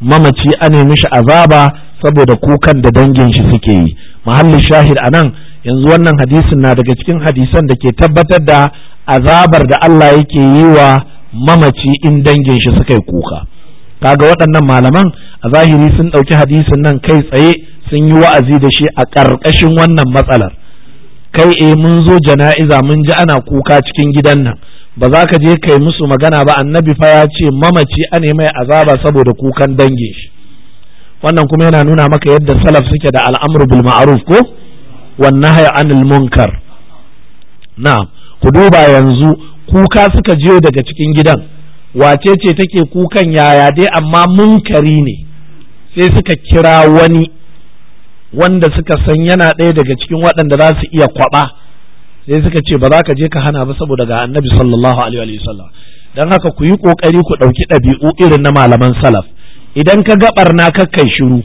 mamaci yi mishi azaba saboda kukan da dangin shi suke yi mahallin shahid anan yanzu wannan hadisin na daga cikin hadisan da ke tabbatar da azabar da Allah yake yi wa mamaci in dangin shi suka yi kuka kaga waɗannan malaman a zahiri sun ɗauki hadisin nan kai tsaye sun yi wa'azi da shi a ƙarƙashin wannan matsalar kai eh mun zo jana'iza mun ji ana kuka cikin gidan nan ba za ka je kai musu magana ba annabi fa ya ce mamaci a mai azaba saboda kukan dangin shi wannan kuma yana nuna maka yadda salaf suke da al'amru bil ma'ruf ko wannan nahyi anil munkar na'am ku duba yanzu kuka suka je daga cikin gidan wace ce take kukan yaya dai amma munkari ne sai suka kira wani wanda suka san yana ɗaya daga cikin waɗanda za su iya kwaɓa sai suka ce ba za ka je ka hana ba saboda ga annabi sallallahu alaihi wa sallam dan haka ku yi kokari ku ɗauki ɗabi'u irin na malaman salaf idan ka ga barna kakka shiru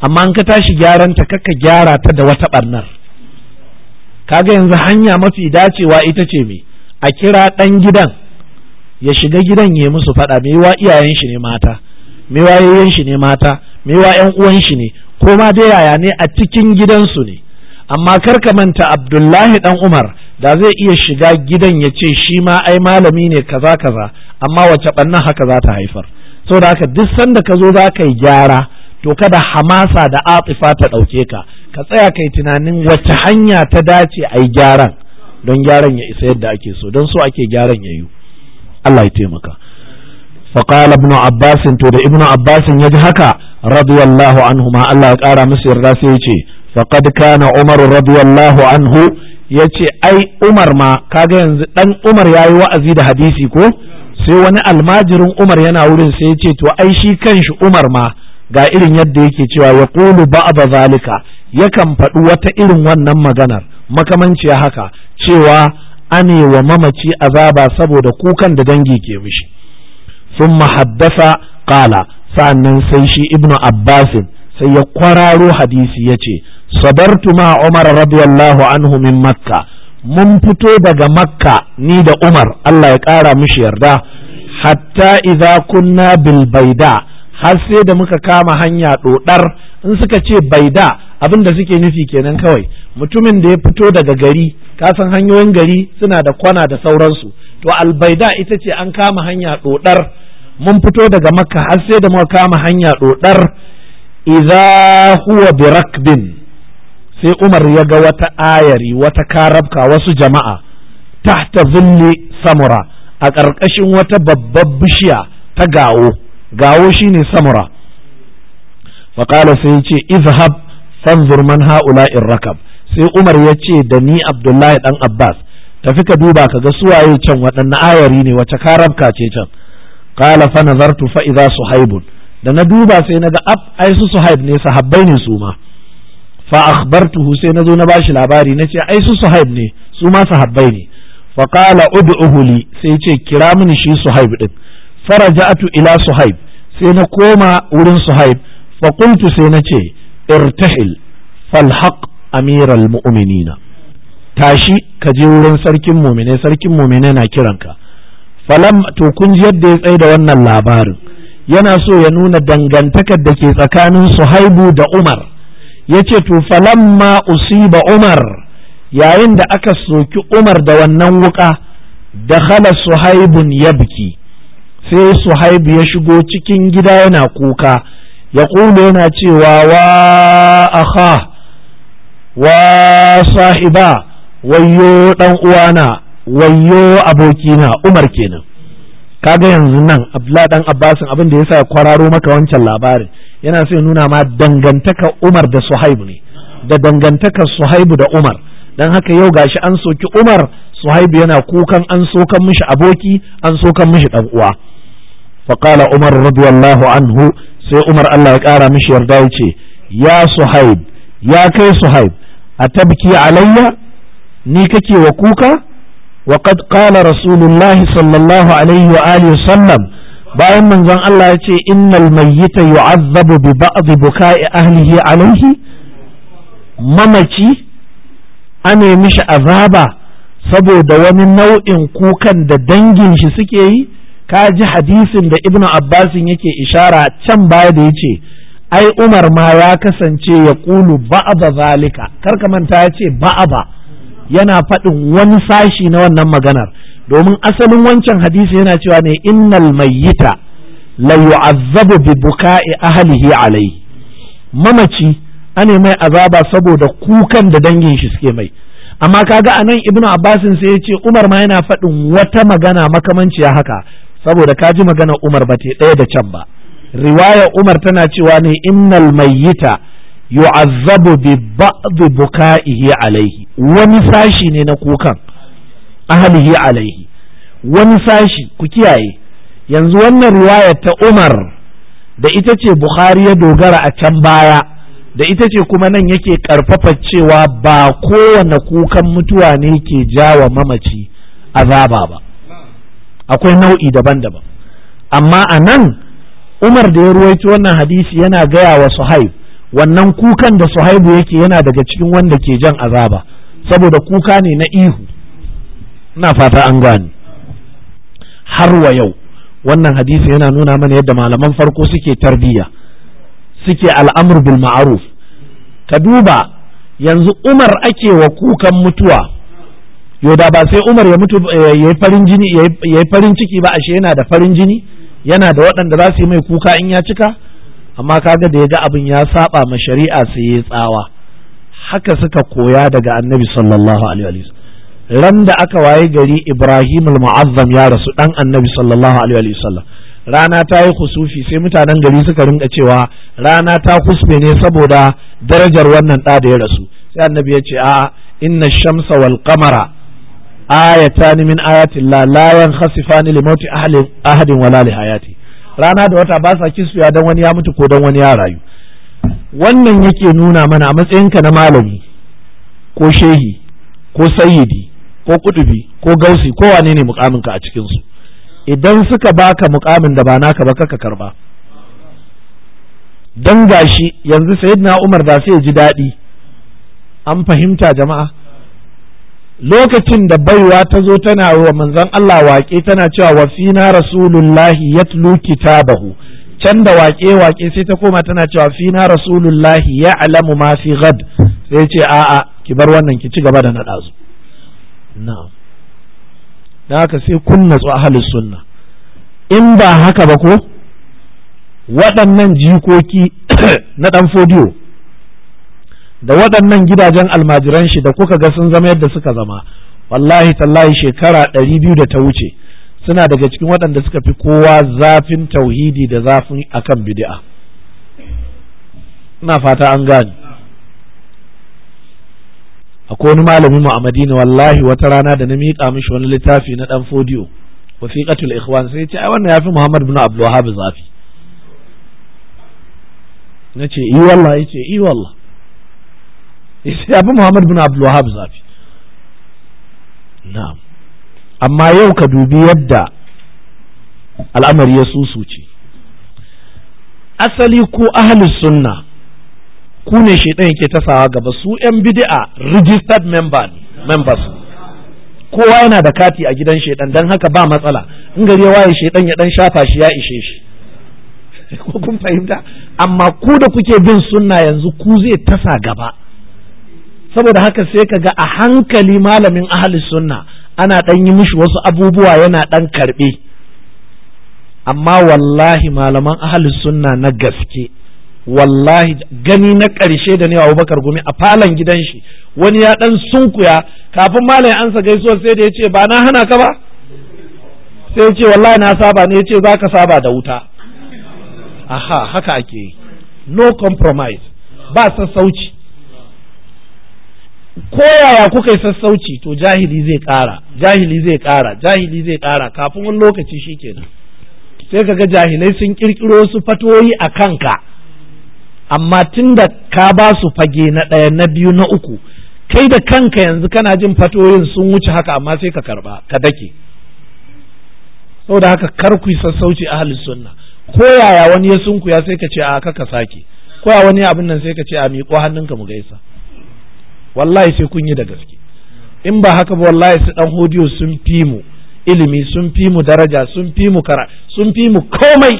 amma in ka tashi gyaran ta kakka gyara ta da wata barnar kaga yanzu hanya mafi dacewa ita ce me a kira ɗan gidan ya shiga gidan ya musu faɗa me wa iyayen shi ne mata me wa yayyen shi ne mata me wa ƴan uwan shi ne ko ma dai yaya ne a cikin gidansu ne amma kar ka manta abdullahi dan umar da zai iya shiga gidan ya ce shi ma ai malami ne kaza kaza amma wace bannan haka za ta haifar saboda haka duk sanda ka zo za ka yi gyara to kada hamasa da atifa ta ɗauke ka ka tsaya kai tunanin wace hanya ta dace a yi gyaran don gyaran ya isa yadda ake so don so ake gyaran ya yi Allah ya taimaka faƙala ibn abbasin to da ibn abbasin ya ji haka radiyallahu anhu ma Allah ya kara musu yarda sai yace ce faqad kana Umar radiyallahu anhu yace ai Umar ma kaga yanzu Ɗan Umar yayi wa'azi da hadisi ko sai wani almajirin Umar yana wurin sai ya ce to ai shi kanshi Umar ma ga irin yadda yake cewa ya ƙulu ba'da zalika yakan faɗi wata irin wannan maganar makamanciya haka cewa ane wa mamaci azaba saboda kukan da dangi ke mishi sun haddasa ƙala sannan sai shi ibnu abbasin sai ya kwararo hadisi ya ce sabartu ma umar radiyallahu anhu min makka mun fito daga makka ni da umar allah ya ƙara mishi yarda hatta idza kunna bil baida har sai da muka kama hanya dodar in suka ce baida abin da suke nufi kenan kawai mutumin da ya fito daga gari kasan hanyoyin gari suna da kwana da sauransu to albaida ita ce an kama hanya dodar mun fito daga makka har sai da muka kama hanya dodar idza huwa birakbin sai umar ya ga wata ayari wata karabka wasu jama'a tahta zulli samura a ƙarƙashin wata babbar bishiya ta gawo gawo shine samura faƙala sai ce izhab fanzur man in rakab sai umar ya ce da ni abdullahi dan abbas tafi ka duba ka ga suwaye can waɗanne ayari ne wace karabka ce can qala fa nazartu fa suhaibun da na duba sai na ga ab ai su suhaib ne sahabbai ne su ma fa akhbartuhu sai na zo na bashi labari na ce ai su suhaib ne su ma sahabbai ne fa qala ud'uhu li sai ce kira mini shi suhaib din faraja'tu ila suhaib sai na koma wurin suhaib fa qultu sai na ce irtahil falhaq amiral mu'minina tashi ka je wurin sarkin mu'mine sarkin mu'mine na kiranka falam to kun ji yadda ya tsaye da wannan labarin yana so ya nuna dangantakar da ke tsakanin suhaibu da umar ya ce to falamma usiba umar yayin da aka soki umar da wannan wuka da hala suhaibun ya biki sai suhaibu ya shigo cikin gida yana kuka ya yana cewa wa aha wa sahiba wayo dan uwana wayyo abokina umar kenan kaga yanzu nan abdullahi dan abbasin abin da yasa ya kwararo maka wancan labarin yana so nuna ma dangantaka umar da suhaib ne da dangantaka suhaibu da umar dan haka yau gashi an soki umar suhaib yana kukan an sokan mishi aboki an sokan mishi dan uwa faqala umar radiyallahu anhu sai umar Allah ya kara mishi yarda yace ya suhaib ya kai suhaib atabki alayya ni kake wa kuka وقد قال رسول الله صلى الله عليه وآله وسلم bayan manzon Allah ya ce innal mayyita yu'azzabu bi ba'd buka'i ahlihi mamaci mamaci nemi shi azaba saboda wani nau'in kukan da dangin shi suke yi ka ji hadisin da ibnu abbasin yake ishara can baya da yace ai umar ma ya kasance ya kulu ba'a zalika kar ka manta ya ce ba'aba yana faɗin wani sashi na wannan maganar domin asalin wancan hadisi yana cewa ne innal mayyita la yu'azzabu bi buka'i ahlihi alai mamaci ane mai azaba saboda kukan da dangin shi suke mai amma kaga anan ibnu abbasin sai ya ce umar ma yana faɗin wata magana makamanci ya haka saboda kaji magana umar ba ta ɗaya da can ba riwaya umar tana cewa ne innal mayyita yu'azzabu bi ba'd buka'ihi alayhi wani sashi ne na kukan ahlihi alayhi wani sashi ku kiyaye yanzu wannan riwaya ta Umar da ita ce Bukhari ya dogara a can baya da ita ce kuma nan yake karfafa cewa ba kowane kukan mutuwa ne ke jawa mamaci azaba ba akwai nau'i daban-daban amma a nan Umar da ya ruwaito wannan hadisi yana gaya wa Suhaib wannan kukan da suhaibu yake yana daga cikin wanda ke jan azaba saboda kuka ne na ihu ina fata an gani. har wa yau wannan hadisi yana nuna mana yadda malaman farko suke tarbiyya suke al'amur bil ma'aruf ka duba yanzu umar ake wa kukan mutuwa yo da ba sai umar ya mutu eh, ya farin jini ya yi farin ciki ba ashe yana da farin jini yana da waɗanda za su yi mai kuka in ya cika amma kaga da ya ga abin ya saba ma shari'a sai ya tsawa haka suka koya daga annabi sallallahu alaihi wasallam ran da aka waye gari Ibrahim al-Mu'azzam ya rasu dan Annabi sallallahu alaihi sallam rana ta yi kusufi sai mutanen gari suka rinka cewa rana ta kusbe ne saboda darajar wannan da ya rasu sai Annabi ya ce a'a inna shamsa wal qamara ayatan min ayati la la yankhasifani li mauti ahli ahadin wala li hayati rana da wata ba sa kisfiya don wani ya mutu ko don wani ya rayu wannan yake nuna mana a matsayinka na malami ko shehi ko sayyidi ko kudubi ko gausi ko wane ne mukaminka a cikinsu idan suka baka mukamin da ba naka ba kaka karba dan gashi yanzu sayyidina umar da sai ya ji daɗi an fahimta jama'a lokacin da baiwa ta zo tana wa manzon Allah waƙe tana cewa wa fina rasulullahi yatlu kitabahu can da waƙe waƙe sai ta koma tana cewa fina rasulullahi ya'lamu ma fi ghad sai ce a'a ki bar wannan ki ci gaba da naɗa su na'am da haka sai kun natsu ahlus sunna in ba haka ba ko waɗannan jikoki na ɗan fodiyo da waɗannan gidajen almajiran shi da kuka ga sun zama yadda suka zama wallahi tallahi shekara ɗari biyu da ta wuce suna daga cikin waɗanda suka fi kowa zafin tauhidi da zafin akan bidi'a. ina fata an gane akwai wani malami mu a Madina wallahi wata rana da na miƙa mishi wani littafi na ɗan fodiyo wasiƙatul ikhwan sai ce ai wannan yafi Muhammad bin Abdul Wahhab zafi ce yi wallahi yace yi wallahi ya abu muhammad bin abdul wahab zafi na'am amma yau ka dubi yadda al'amari ya susu ce. asali ko ahli sunna ku ne shaidan yake tasawa gaba su yan bid'a registered member members kowa yana da kati a gidan shaidan dan haka ba matsala in gari ya waye shaidan ya dan shafa shi ya ishe shi ko kun fahimta amma ku da kuke bin sunna yanzu ku zai tasa gaba saboda haka sai ka ga a hankali malamin ahli sunna ana ɗan yi mishi wasu abubuwa yana ɗan karɓe amma wallahi malaman ahli sunna na gaske wallahi gani na ƙarshe da ne abubakar gumi a falon gidan shi wani ya ɗan sunkuya kafin malam ansa gaisuwar sai da ya ce ba na hana ka ba sai ya ce wallahi na saba ne ya ce za ka saba da wuta aha haka ake no compromise ba sassauci koyaya kuka yi sassauci to jahili zai kara jahili zai ƙara jahili zai ƙara kafin wani lokaci shi kenan sai ka ga jahilai sun kirkiro su fatoyi a kanka amma tun da ka ba su fage na ɗaya na biyu na uku kai da kanka yanzu kana jin fatoyin sun wuce haka amma sai ka karba ka dake da haka kar ku yi sassauci halin sunna yaya wani ya sunkuya sai ka ce a ka sake koya wani abin nan sai ka ce a miƙo hannunka mu gaisa wallahi sai kun yi da gaske in ba haka ba wallahi su dan hodiyo sun fi mu ilimi sun fi mu daraja sun fi mu kara sun fi mu komai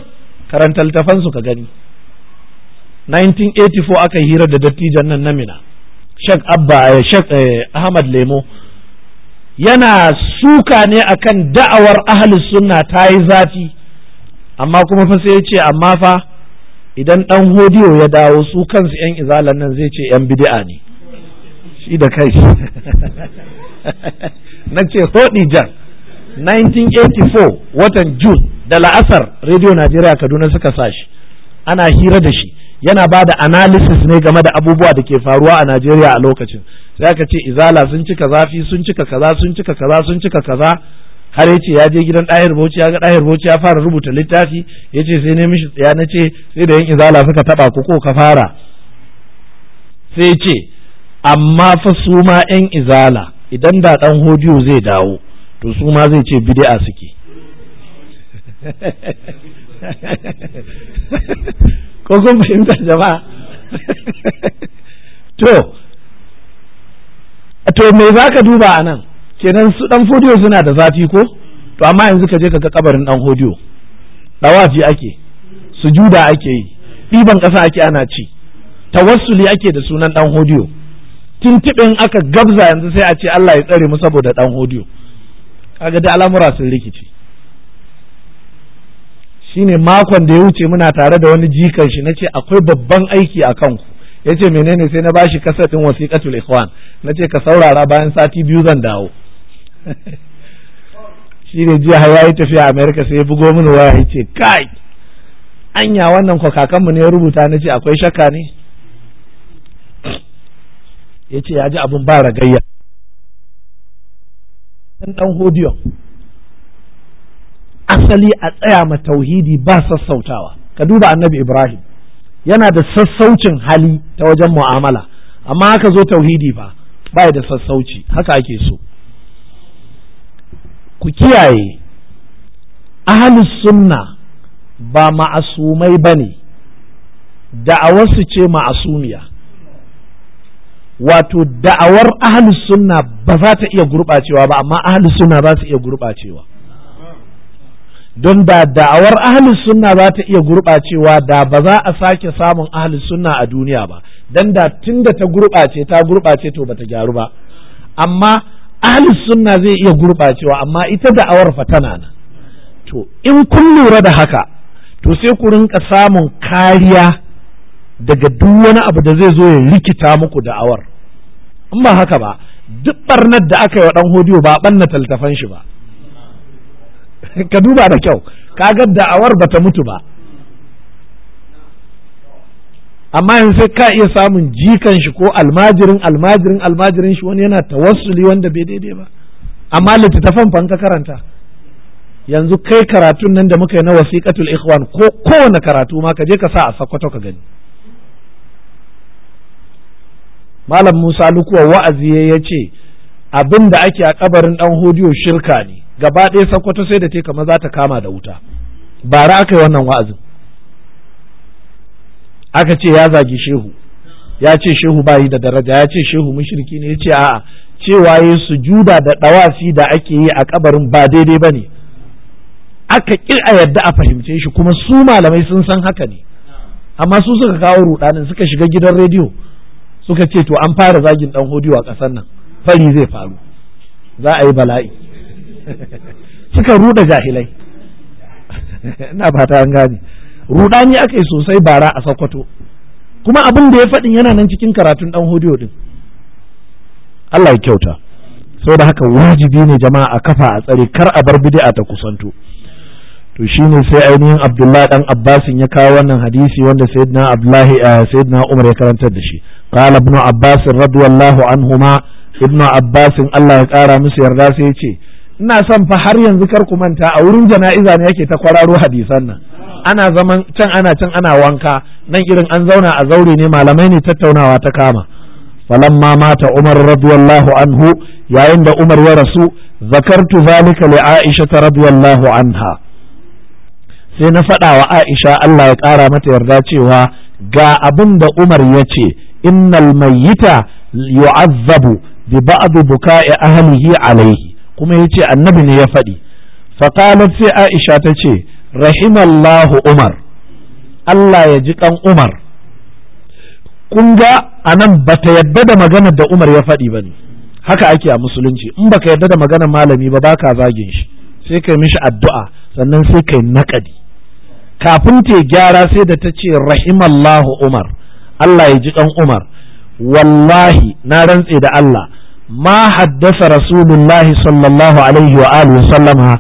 karanta littafan su ka gani 1984 aka hira da dattijan nan namina shek Abba eh, Sheikh eh, Ahmad Lemo yana suka ne akan da'awar ahli sunna ta yi zafi amma kuma fa sai ya ce amma fa idan dan hodiyo ya dawo su kansu yan izalan nan zai ce yan bid'a ne shi da kai na ce hodi jan 1984 watan Jun da la'asar radio najeriya kaduna suka sa shi ana hira da shi yana ba da analysis ne game da abubuwa da ke faruwa a najeriya a lokacin sai aka ce izala sun cika zafi sun cika kaza sun cika kaza sun cika kaza har ya ce ya je gidan ɗahir bauchi ya ga ɗahir bauchi ya fara rubuta littafi ya ce sai ne mishi tsaya na ce sai da yan izala suka taɓa ku ko ka fara sai ya ce amma fa su ma 'yan izala idan da ɗan hodiyo zai dawo to su ma zai ce bid'a suke ko kun fahimtar jama'a to to me za ka duba a nan kenan su ɗan hodiyo suna da zafi ko to amma yanzu ka je ka ga kabarin ɗan hodiyo ɗawafi ake sujuda ake yi ɗiban ƙasa ake ana ci tawassuli ake da sunan ɗan hodiyo tuntuɓin aka gabza yanzu sai a ce Allah ya tsare mu saboda dan odiyo kaga da al'amura sun rikici shine makon da ya wuce muna tare da wani jikan shi nace akwai babban aiki a kanku yace menene sai na bashi kasatin wasiqatul ikhwan nace ka saurara bayan sati biyu zan dawo shine jiya ya yi tafiya America sai ya bugo mini waya yace kai anya wannan ko mu ne ya rubuta nace akwai shakka ne ya ce ya ji abin ba ragayya ɗan ɗan hodiyon asali a tsaya ma tauhidi ba sassautawa ka duba annabi ibrahim yana da sassaucin hali ta wajen mu'amala amma haka zo tauhidi ba ba da sassauci haka ake so ku kiyaye ahalus sunna ba ma'asumai ba ne da a wasu ce ma'asumiya wato da'awar ahlus sunna ba za ta iya gurɓacewa ba amma ahlus sunna za su iya gurɓacewa don da da'awar ahlus sunna za ta iya gurɓacewa da ba za a sake samun ahlus sunna a duniya ba don da tunda ta gurɓace ta gurɓace to ba ta gyaru ba amma ahlus sunna zai iya gurɓacewa amma ita da'awar fa tana nan to in kun lura da haka to sai ku rinka samun kariya daga duk wani abu da zai zo ya rikita muku da'awar in ba haka ba duk barnar da aka yi wa dan hodiyo ba banna taltafan shi ba ka duba da kyau Ka ga da'awar ba ta mutu ba amma yanzu sai ka iya samun jikan shi ko almajirin almajirin almajirin shi wani yana tawassuli wanda bai daidai ba amma littattafan fan ka karanta yanzu kai karatun nan da muka yi na wasiƙatul ikhwan ko kowane karatu ma ka je ka sa a sakwato ka gani malam musa lukuwa wa'azi ya ce abin da ake a kabarin dan hodiyo shirka ne gaba ɗaya sakkwato sai da te kamar za ta kama da wuta bara aka yi wannan wa'azin aka ce ya zagi shehu ya ce shehu bayi da daraja ya ce shehu mushriki ne ya ce a'a cewa ya sujuda da ɗawasi da ake yi a kabarin ba daidai ba ne aka ƙir a yadda a fahimce shi kuma su malamai sun san haka ne amma su suka kawo rudanin suka shiga gidan rediyo suka ce to an fara zagin dan hodiyo a ƙasar nan fari zai faru za a yi bala'i suka ruda jahilai ina fata an gane rudani aka yi sosai bara a sokoto kuma abin da ya faɗin yana nan cikin karatun dan hodiyo din Allah ya kyauta saboda haka wajibi ne jama'a a kafa a tsare kar a bar bid'a ta kusanto to shine sai ainihin Abdullahi dan Abbasin ya kawo wannan hadisi wanda sayyidina Abdullahi eh, sayyidina Umar ya karantar da shi قال ابن عباس رضي الله عنهما ابن عباس الله يقارى musu yarda sai yace ina son fa har yanzu kar ku manta a wurin jana'iza ne yake ta kwararo hadisan nan ana zaman can ana can ana wanka nan irin an zauna a zaure ne malamai ne tattaunawa ta kama falamma mata umar radiyallahu anhu yayin da umar ya rasu zakartu zalika li aisha radiyallahu anha sai na faɗawa wa aisha Allah ya kara mata yarda cewa ga abin da umar ya ce innal mayyita yu'azzabu bi ba'd buka'i ahlihi alaihi kuma yace annabi ne ya faɗi fa sai Aisha ta ce rahimallahu Umar Allah ya ji kan Umar kun ga anan bata yadda da magana da Umar ya faɗi ne. haka ake a musulunci in baka yarda da maganar malami ba baka zagin shi sai kai mishi addu'a sannan sai kai naƙadi kafin ta gyara sai da ta ce rahimallahu umar Allah ya ji ɗan Umar wallahi na rantse da Allah ma haddasa rasulullahi sallallahu alaihi wa alihi sallama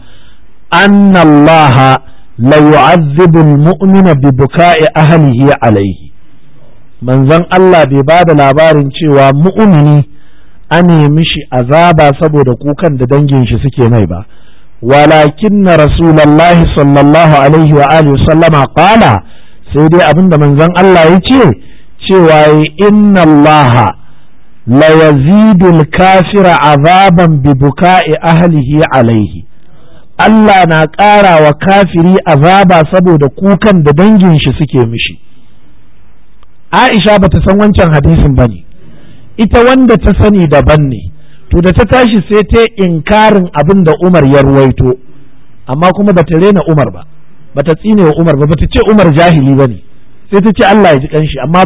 anna Allah la yu'adhibu al-mu'mina bi buka'i ahlihi alaihi manzon Allah bai ba da labarin cewa mu'mini an shi azaba saboda kukan da dangin shi suke mai ba walakin rasulullahi sallallahu alaihi wa alihi sallama qala sai dai abinda manzon Allah ya ce cewa inna allaha la yazidul kafira azaban bi buka'i ahlihi alaihi Allah na ƙara wa kafiri azaba saboda kukan da dangin shi suke mishi Aisha bata san wancan hadisin bane ita wanda ta sani daban ne to da ta tashi sai ta inkarin abin da Umar ya ruwaito amma kuma bata rena Umar ba bata tsine wa Umar ba bata ce Umar jahili bane sai ta ce Allah ya ji kanshi amma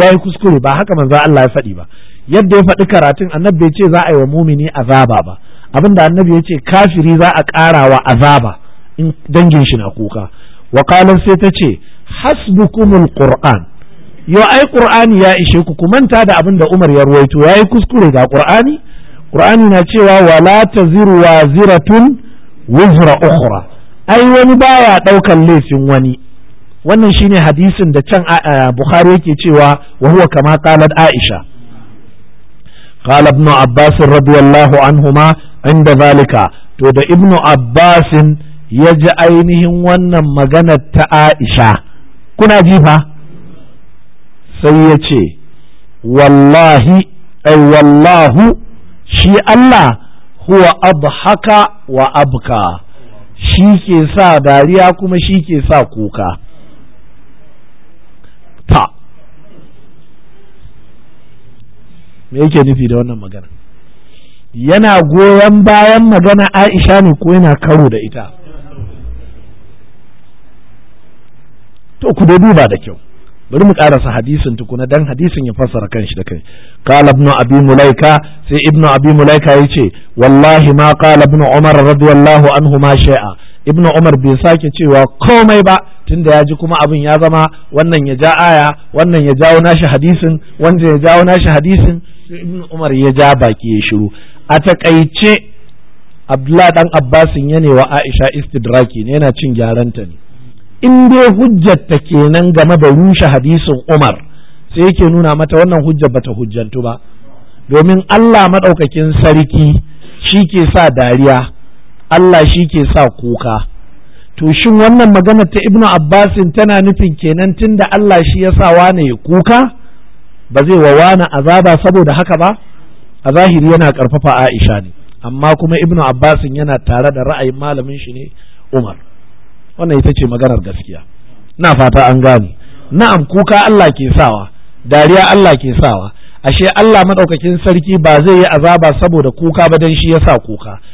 ya yi kuskure ba haka manzo Allah ya faɗi ba yadda ya faɗi karatun annabi ya ce za a yi wa mumini azaba ba abinda annabi ya ce kafiri za a ƙara wa azaba in dangin shi na kuka wa sai ta ce hasbukumul qur'an yo ai qur'ani ya ishe ku ku manta da abin da Umar ya ruwaito yayi kuskure ga qur'ani qur'ani na cewa wala taziru waziratun wuzra ukhra ai wani baya daukan laifin wani wannan shine hadisin da can bukhari yake cewa wa huwa kama qalat aisha قال ibn Abbas radiyallahu anhuma inda zalika to da Ibn abbasin ya ji ainihin wannan maganar ta aisha kuna ji fa sai ya ce wallahi ai wallahu shi Allah huwa abhaka wa abka shi ke sa dariya kuma shi ke sa kuka me yake nufi da wannan magana yana goyon bayan magana aisha ne ko yana karo da ita to ku dai duba da kyau bari mu karasa hadisin tukuna dan hadisin ya fassara kanshi da kai qala ibnu abi mulaika sai ibnu abi mulaika yace wallahi ma qala ibnu umar radiyallahu anhu ma shay'a ibnu umar bai sake cewa komai ba tunda ya ji kuma abin ya zama wannan ya ja aya wannan ya jawo nashi hadisin wanda ya jawo nashi hadisin sai ibnu umar ya ja baki ya shiru a takaice abdullah dan abbasin ya wa aisha istidraki ne yana cin gyaranta ne in dai ta kenan game da rushe hadisin umar sai yake nuna mata wannan hujjar bata hujjantu ba domin allah maɗaukakin sarki shi ke sa dariya Allah shi ke sa kuka to shin wannan magana ta ibnu abbasin tana nufin kenan tunda Allah shi ya sa wane ya kuka ba zai wa wane azaba saboda haka ba a zahiri yana karfafa Aisha ne amma kuma ibnu abbasin yana tare da ra'ayin malamin shi ne Umar wannan ita ce maganar gaskiya na fata an gane na'am kuka Allah ke sawa dariya Allah ke sawa ashe Allah madaukakin sarki ba zai yi azaba saboda kuka ba dan shi ya sa kuka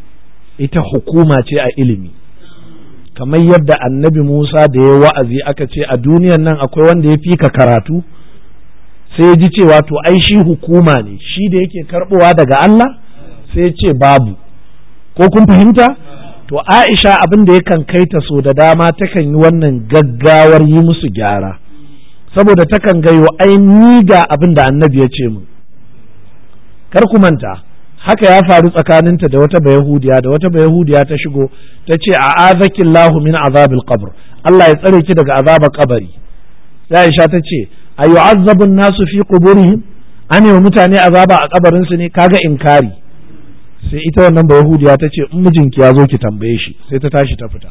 ita hukuma ce a ilimi kamar yadda annabi Musa da ya wa'azi aka ce a duniyan nan akwai wanda ya fi ka karatu sai ya ji cewa to ai shi hukuma ne shi da yake karbowa daga Allah sai ya ce babu ko kun fahimta to Aisha abin da yakan kai ta so da dama takan yi wannan gaggawar yi musu gyara saboda takan gayo ai ni ga abin da annabi ya ce min kar ku manta haka ya faru tsakaninta da wata bayahudiya da wata bayahudiya ta shigo ta ce a lahu min azabil qabr Allah ya tsare ki daga azabar kabari sai Aisha ta ce a yu'azzabu nasu fi quburihim an yi mutane azaba a kabarin su ne kaga inkari sai ita wannan bayahudiya ta ce in mijinki ya zo ki tambaye shi sai ta tashi ta fita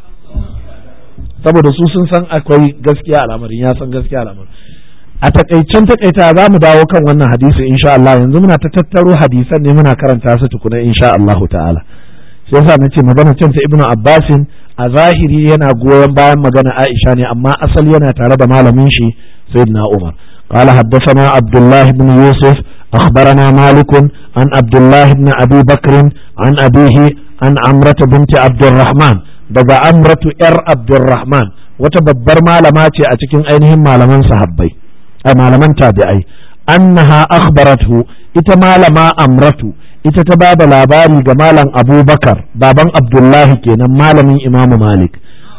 saboda su sun san akwai gaskiya al'amarin ya san gaskiya al'amarin a takaicen takaita za mu dawo kan wannan hadisi insha Allah yanzu muna ta tattaro hadisan ne muna karanta su tukuna insha Allah ta'ala shi yasa na ce magana can ibnu Ibn Abbasin a zahiri yana goyon bayan magana Aisha ne amma asali yana tare da malamin shi Sayyidina Umar قال حدثنا عبد الله بن يوسف أخبرنا مالك عن عبد الله بن أبي بكر عن أبيه عن عمرة بنت عبد الرحمن دقى عمرة إر عبد الرحمن وتببر ما لما تأتكين أينهم a malaman tabi'ai annaha akhbaratu ita malama amratu ita ta bada labari ga malam abubakar baban abdullahi kenan malamin imamu malik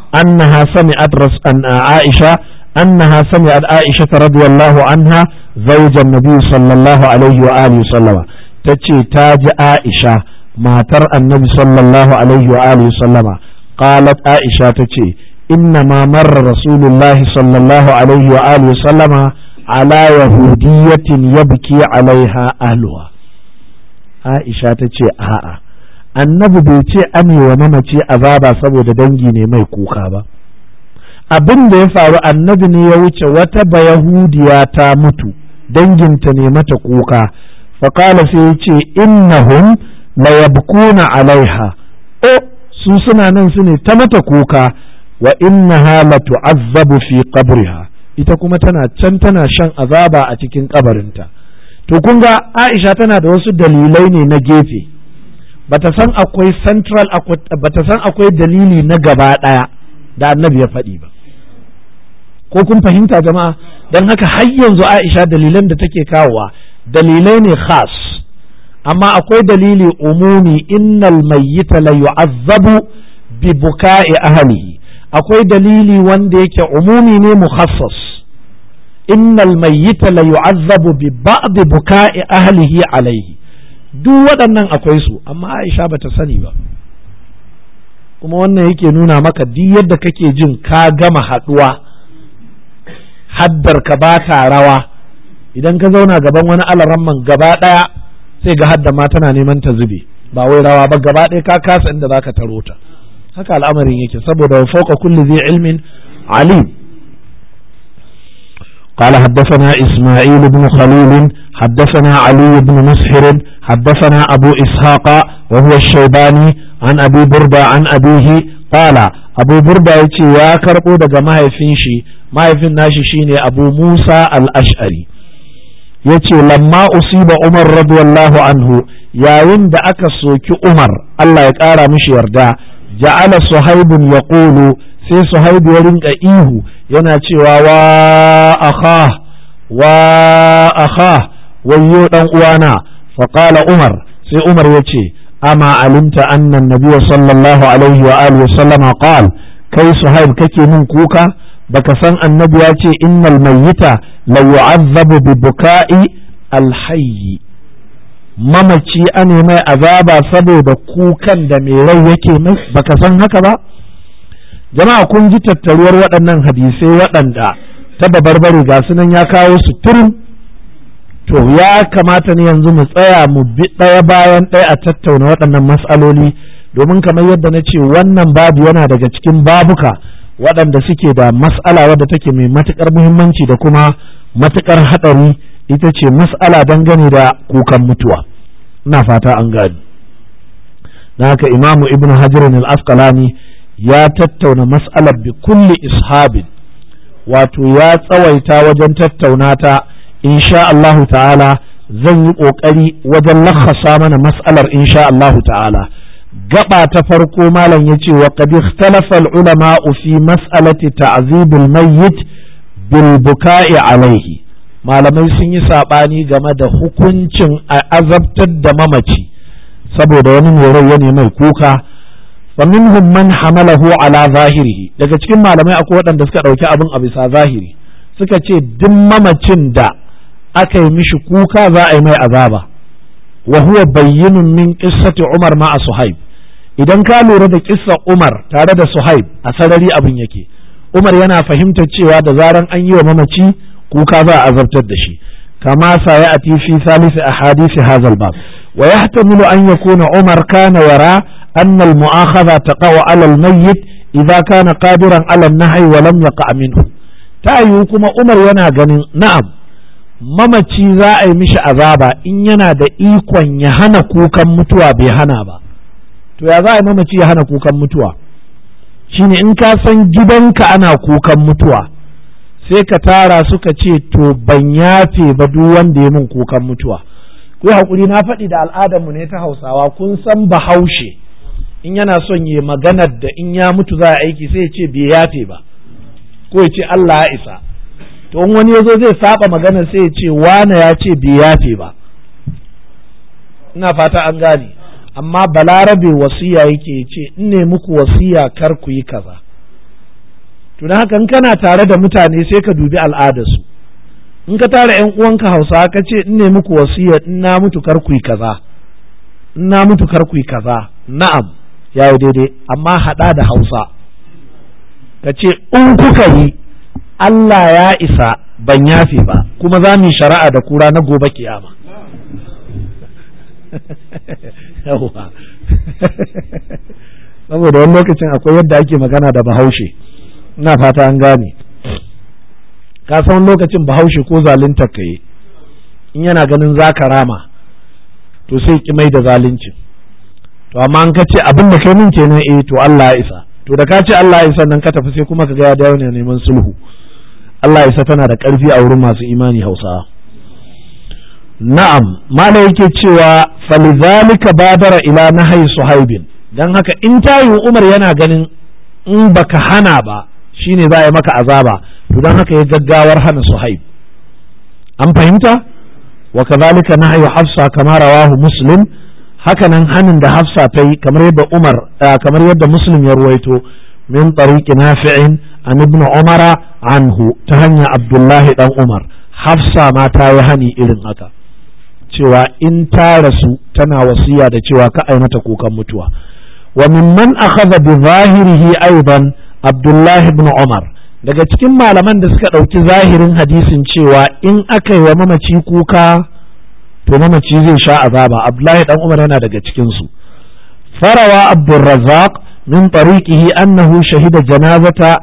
annaha sami'at an aisha annaha sami'at aisha radiyallahu anha zaujan nabi sallallahu alaihi wa alihi sallama tace ta ji aisha matar annabi sallallahu alaihi wa alihi sallama qalat aisha tace inna ma marra rasulullahi sallallahu alaihi wa alihi sallama ala yahudiyatin yabki alaiha Alwa, Aisha ta ce a'a annabi bai ce amewa mace azaba saboda dangi ne mai kuka ba abin da ya faru annabi ne ya wuce wata bayahudiya ta mutu danginta ne mata kuka faƙala sai ya ce innahum la yabkuna alaiha o su suna nan su ne ta mata kuka wa innaha la tu'azzabu fi qabriha ita kuma tana can tana shan azaba a cikin kabarinta to kun ga Aisha tana da wasu dalilai ne na gefe bata san akwai central bata san akwai dalili na gaba daya da annabi ya faɗi ba ko kun fahimta jama'a don haka har yanzu Aisha dalilan da take kawowa dalilai ne khas amma akwai dalili umumi innal mayyita la yu'azzabu bi buka'i ahlihi akwai dalili wanda yake umumi ne mukhassas innal mayyita la yu'azzabu bi ba'd buka'i ahlihi alayhi duk waɗannan akwai su amma Aisha bata sani ba kuma wannan yake nuna maka duk yadda kake jin ka gama haduwa haddar ka ba ta rawa idan ka zauna gaban wani alaramman gaba ɗaya sai ga hadda ma tana neman ta zube ba wai rawa ba gaba ɗaya ka kasa inda zaka taro ta haka al'amarin yake saboda wa fawqa kulli zai ilmin alim قال حدثنا إسماعيل بن خليل حدثنا علي بن مسحر حدثنا أبو إسحاق وهو الشيباني عن أبي بردة عن أبيه قال أبو بردة يتي يا كربو دقا ما يفنشي ما يفن ناشي شيني أبو موسى الأشعري يتي لما أصيب عمر رضي الله عنه يا وند أكسوك عمر الله يكارا مش يرجع ja'ala suhaibun yaqulu sai suhaibu ya rinka ihu yana cewa wa akha wa akha wayyo dan uwana fa qala umar sai umar yace amma alimta anna nabiyyu sallallahu alaihi wa alihi sallama qala kai suhaib kake min kuka baka san annabi ya ce innal mayyita la yu'azzabu bi buka'i alhayyi mamaci anemai mai azaba saboda kukan da mai rai yake mai baka san haka ba jama'a kun ji tattaruwar waɗannan hadisai waɗanda ta babarbare ga sunan ya kawo su turin to ya kamata ne yanzu mu tsaya mu bi ɗaya bayan ɗaya a tattauna waɗannan matsaloli domin kamar yadda na ce wannan babu yana daga cikin babuka waɗanda suke da matsala wadda take mai matuƙar muhimmanci da kuma matuƙar haɗari ita ce mas'ala dangane da kukan mutuwa ina fata an gani na haka imamu ibnu hajirin al-asqalani ya tattauna mas'alar bi kulli ishabin wato ya tsawaita wajen tattaunata ta insha Allahu ta'ala zan yi kokari wajen lakhasa mana mas'alar insha ta'ala gaba ta farko malam yace wa qad ikhtalafa al-ulama fi mas'alati ta'zib al-mayyit bil buka'i alayhi malamai sun yi saɓani game da hukuncin a azabtar da mamaci saboda wani horarwa ne mai kuka wa minhum man hamalahu ala zahirihi daga cikin malamai akwai waɗanda suka ɗauki abin a bisa zahiri suka ce duk mamacin da aka yi mishi kuka za a yi mai azaba wa huwa bayyinun min qissati Umar ma a Suhaib idan ka lura da kissa Umar tare da Suhaib a sarari abin yake Umar yana fahimtar cewa da zaran an yi wa mamaci kuka za a azabtar da shi kama sa ya ati fi salisi a hadisi hazal ba. wa yahtamilu an yakuna umar kana wara annal al mu'akhadha taqaw alal al mayyit idza kana qadiran alal na nahyi wa lam yaqa minhu ta yi kuma umar yana ganin na'am mamaci za a yi mishi azaba in yana da ikon ya hana kukan mutuwa bai hana ba to ya za a yi mamaci ya hana kukan mutuwa shine in ka san gidanka ana kukan mutuwa sai ka tara suka ce to ban yafe ba duk wanda ya mun kukan mutuwa ko hakuri na faɗi da al'adarmu ne ta hausawa kun san bahaushe in yana son ya maganar da in ya mutu za a aiki sai ya ce bai yafe ba ko ya ce Allah ya isa to in wani yazo zai saba magana sai ya ce wani ya ce bai yafe ba ina fata an gane amma balarabe wasiya yake ce in ne muku wasiya kar ku yi kaza tuna haka in kana tare da mutane sai ka dubi al'adarsu in ka tara yan uwanka hausa ka ce in ne muku wasiya in na mutu kar ku kaza in na mutu kar ku kaza na'am ya yi daidai amma hada da hausa ka ce in kuka yi Allah ya isa ban yafe ba kuma za mu yi shari'a da kura na gobe kiyama saboda wani lokacin akwai yadda ake magana da bahaushe na fata an gane ka san lokacin bahaushe ko zalunta ka yi in yana ganin za ka rama to sai ki mai da zaluncin to amma an ka ce abin da kai min kenan eh to Allah ya isa to da ka ce Allah ya isa nan ka tafi sai kuma ka ga ya dawo ne neman sulhu Allah ya isa tana da karfi a wurin masu imani Hausa. na'am Malam yake cewa falizalika babara ila nahai suhaibin dan haka in tayi umar yana ganin in baka hana ba shine za a yi maka azaba to don haka ya gaggawar hana suhaib an fahimta wa kazalika hayu hafsa kama rawahu muslim hakanan hanin da hafsa ta yi kamar yadda umar kamar yadda muslim ya ruwaito min tariqi nafi'in an ibn umara anhu ta hanya abdullahi dan umar hafsa ma ta yi hani irin haka cewa in ta rasu tana wasiya da cewa ka ai mata kukan mutuwa wa mimman akhadha bi zahirihi aidan abdullahi ibn umar daga cikin malaman da suka ɗauki zahirin hadisin cewa in aka yi wa mamaci kuka to mamaci zai sha azaba abdullahi dan umar yana daga cikinsu farawa abdurrazzaq min tariqihi annahu shahida janazata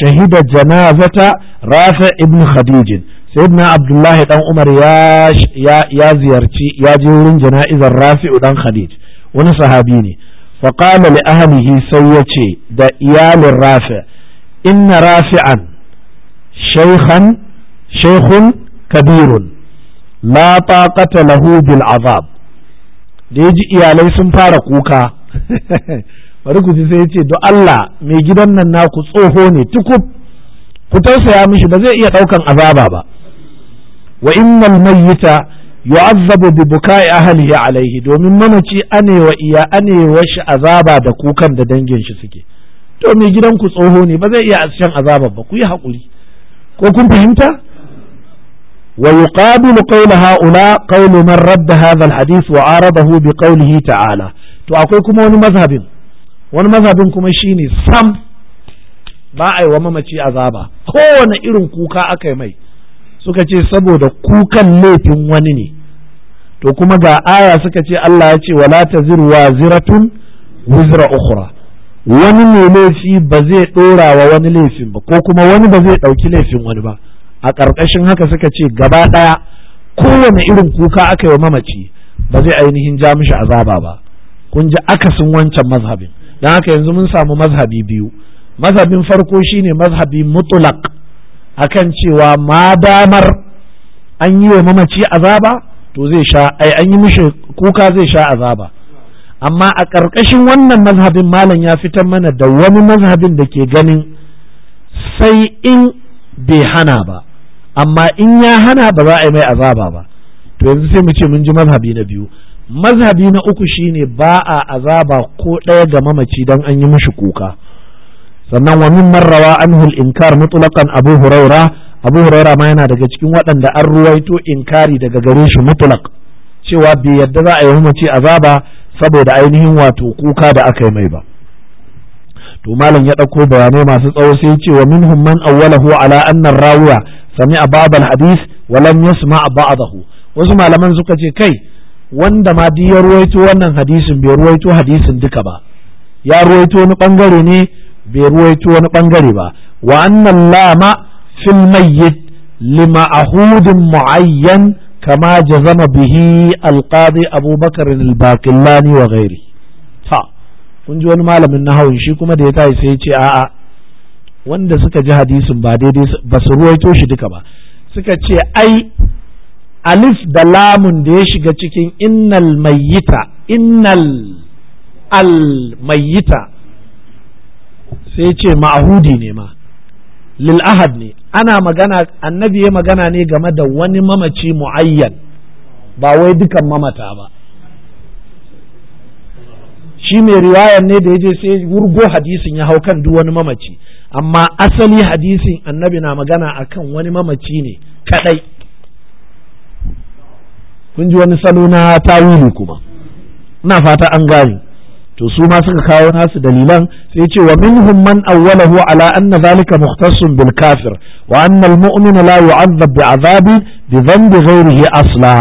shahida janazata rafi ibn khadij sayyidina abdullahi dan umar ya ya ziyarci ya je wurin jana'izar rafi dan khadij wani sahabi ne faƙama li ahlihi sai ya da iyalin rafi inna rafi'an shaykhan shaykhun kabirun la taqata lahu azab da yaji iyalai sun fara kuka bari ku ji sai yace do Allah mai gidan nan naku tsoho ne tukub ku tausaya mishi ba zai iya daukan azaba ba wa innal mayyita yu'azzabu bi bukai ahlihi alaihi domin mamaci anewa iya anewa azaba da kukan da dangin shi suke to gidan ku tsoho ne ba zai iya shan azabar ba ku yi hakuri ko kun fahimta wa yuqabilu qawla haula qawlu man radda hadha alhadith wa aradahu bi qawlihi ta'ala to akwai kuma wani mazhabin wani mazhabin kuma shine sam ba a yi mamaci azaba kowane irin kuka akayi mai suka ce saboda kukan laifin wani ne to kuma ga aya suka ce Allah ya ce wala taziru waziratun wizra ukhra wani ne laifi ba zai ɗora wa wani laifin ba ko kuma wani ba zai ɗauki laifin wani ba a ƙarƙashin haka suka ce gaba ɗaya kowane irin kuka aka yi wa mamaci ba zai ainihin ja mishi azaba ba kun ji akasin wancan mazhabin dan haka yanzu mun samu mazhabi biyu mazhabin farko shine mazhabi mutlaq akan cewa ma damar an yi wa mamaci azaba to zai sha ai an yi mishi kuka zai sha azaba amma a ƙarƙashin wannan mazhabin malam ya fitar mana da wani mazhabin da ke ganin sai in bai hana ba amma in ya hana ba za a yi mai azaba ba to yanzu sai mu ce mun ji mazhabi na biyu mazhabi na uku shine ba a azaba ko ɗaya ga mamaci don an yi mishi kuka sannan wa mimman rawa anhu inkar mutlaqan abu huraira abu huraira ma yana daga cikin waɗanda an ruwaito inkari daga gare shi mutlaq cewa bai yadda za a yi mamaci azaba saboda ainihin wato kuka da aka yi mai ba to malam ya ɗauko bayanai masu tsawo sai ce wa minhum man awwalahu ala anna rawiya sami'a ba'd al-hadith wa lam yasma' ba'dahu wasu malaman suka ce kai wanda ma duk ya ruwaito wannan hadisin bai ruwaito hadisin duka ba ya ruwaito wani bangare ne bai ruwaito wani bangare ba wa annan lama fil mayyit lima'ahudin mu'ayyan kama jazama bihi alqadi abubakar al-baqillani wa ghairi kun ji wani malamin nahawun shi kuma da ya tayi sai ya ce a'a wanda suka ji hadisin ba daidai ba su ruwaito shi duka ba suka ce ai alif da lamun da ya shiga cikin innal mayyita innal al mayyita sai ce ma'ahudi ne ma lil ahad ne ana magana annabi ya magana ne game da wani mamaci muayyan ba wai dukan mamata ba shi mai riwayar ne da ya je sai wurgo hadisin ya hau kan duk wani mamaci amma asali hadisin annabi na magana akan wani mamaci ne kadai kun ji wani salo na tawili kuma ina fata an gani. to su ma suka kawo nasu dalilan sai ce wa minhum man awwalahu ala anna zalika mukhtassun bil kafir wa anna al mu'mina la yu'adhab bi azabi bi dhanbi ghayrihi asla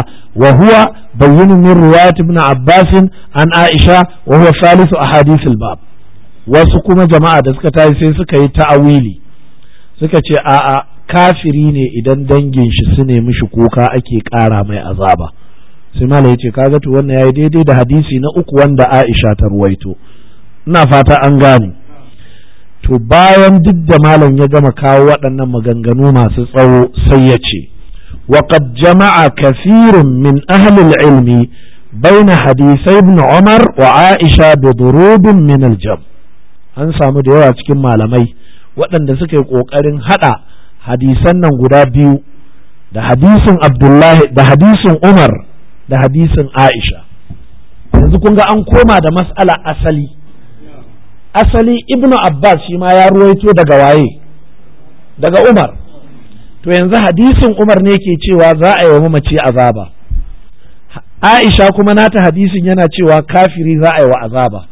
wa huwa bayyin min riwayat ibn abbas an aisha wa huwa a ahadith al bab wasu kuma jama'a da suka tashi sai suka yi ta'awili suka ce a'a kafiri ne idan dangin shi su ne mishi kuka ake ƙara mai azaba sai malai ya ce kaga to wannan yayi daidai da hadisi na uku wanda Aisha ta ruwaito ina fata an gane to bayan duk da malam ya gama kawo waɗannan maganganu masu tsawo sai ya ce وقد جمع كثير ilmi أهل العلم بين حديثي ابن عمر وعائشة بضروب من الجم an samu da yawa cikin malamai waɗanda suka yi ƙoƙarin haɗa hadisan nan guda biyu da hadisin abdullahi da hadisin umar da hadisin Aisha yanzu kun ga an koma da mas'ala asali asali ibnu Abbas shi ma ya ruwaito daga waye daga Umar to yanzu hadisin Umar ne ke cewa za a yi wa mamaci azaba Aisha kuma nata hadisin yana cewa kafiri za a yi wa azaba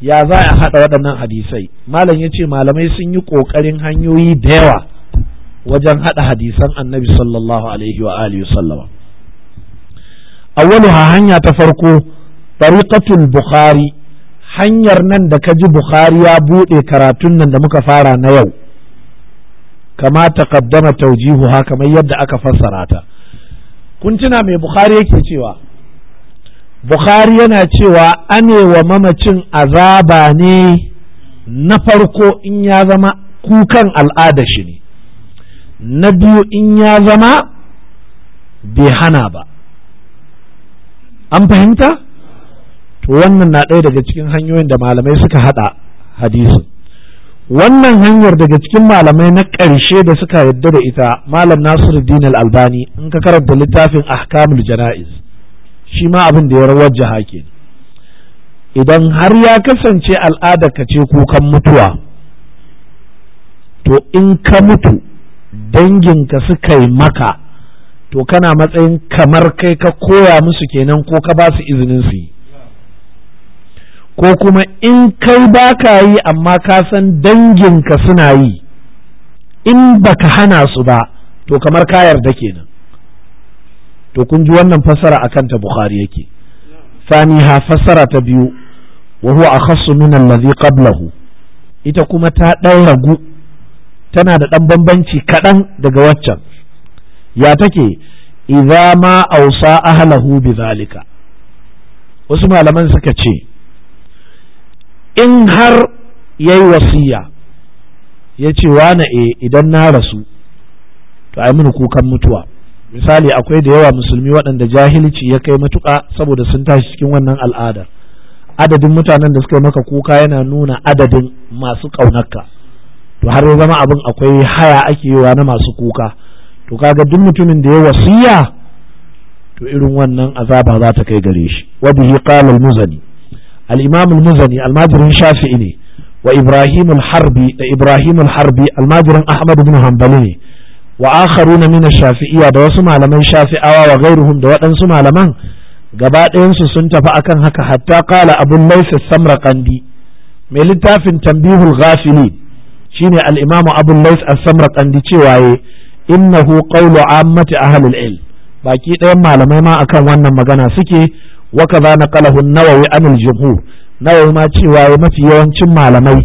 ya za a haɗa waɗannan hadisai malam ya ce malamai sun yi ƙoƙarin hanyoyi da yawa wajen haɗa hadisan annabi sallallahu alaihi wa alihi sallama a hanya ta farko tariqatul bukhari hanyar nan da ka ji bukhari ya buɗe karatun nan da muka fara na yau kama taqaddama tawjihuha kamar yadda aka fassara ta kun tuna mai bukhari yake cewa bukhari yana cewa anewa mamacin azaba ne na farko in ya zama kukan al'ada shi ne na biyu in ya zama bai hana ba an fahimta to wannan na ɗaya daga cikin hanyoyin da malamai suka haɗa hadisin wannan hanyar daga cikin malamai na ƙarshe da suka yadda da ita malam nasiruddin al-albani in ka karanta littafin ahkamul jana'iz shi ma abin da ya rawajjaha kenan idan har ya kasance al'adar ka ce kukan mutuwa to in ka mutu danginka suka yi maka to kana matsayin kamar kai ka koya musu kenan ko ka ba su izinin su yi ko kuma in kai ba ka yi amma ka san danginka suna yi in baka hana su ba to kamar ka yarda kenan to kun ji wannan fasara a kanta bukhari yake ha fasara ta biyu wa huwa akhassu min allazi qablahu ita kuma ta ɗan ragu tana da ɗan bambanci kaɗan daga waccan ya take idza ma ausa ahlahu zalika wasu malaman suka ce in har yayi wasiya ya ce na e eh, idan na rasu to ai mini kukan mutuwa misali akwai da yawa musulmi waɗanda jahilci ya kai matuƙa saboda sun tashi cikin wannan al'adar adadin mutanen da suka yi maka kuka yana nuna adadin masu ƙaunarka to har ya zama abin akwai haya ake yiwa na masu kuka to kaga duk mutumin da ya wasiya to irin wannan azaba za ta kai gare shi wa bihi qala al-muzani al-imam al-muzani al-majrin shafi'i ne wa ibrahim al-harbi da ibrahim al-harbi al-majrin ahmad ibn hanbali ne wa akharuna min ash-shafi'iyya da wasu malaman shafi'awa wa ghairuhum da waɗansu malaman gaba ɗayansu sun tafi akan haka hatta qala abu layth as-samraqandi mai littafin tambihul ghafilin shine al-imam abu samra kandi samraqandi cewa innahu qawlu ammati ahlil ilm baki ɗayan malamai ma akan wannan magana suke wa kaza naqalahu an-nawawi anil jumhur nawawi ma cewa mafi yawancin malamai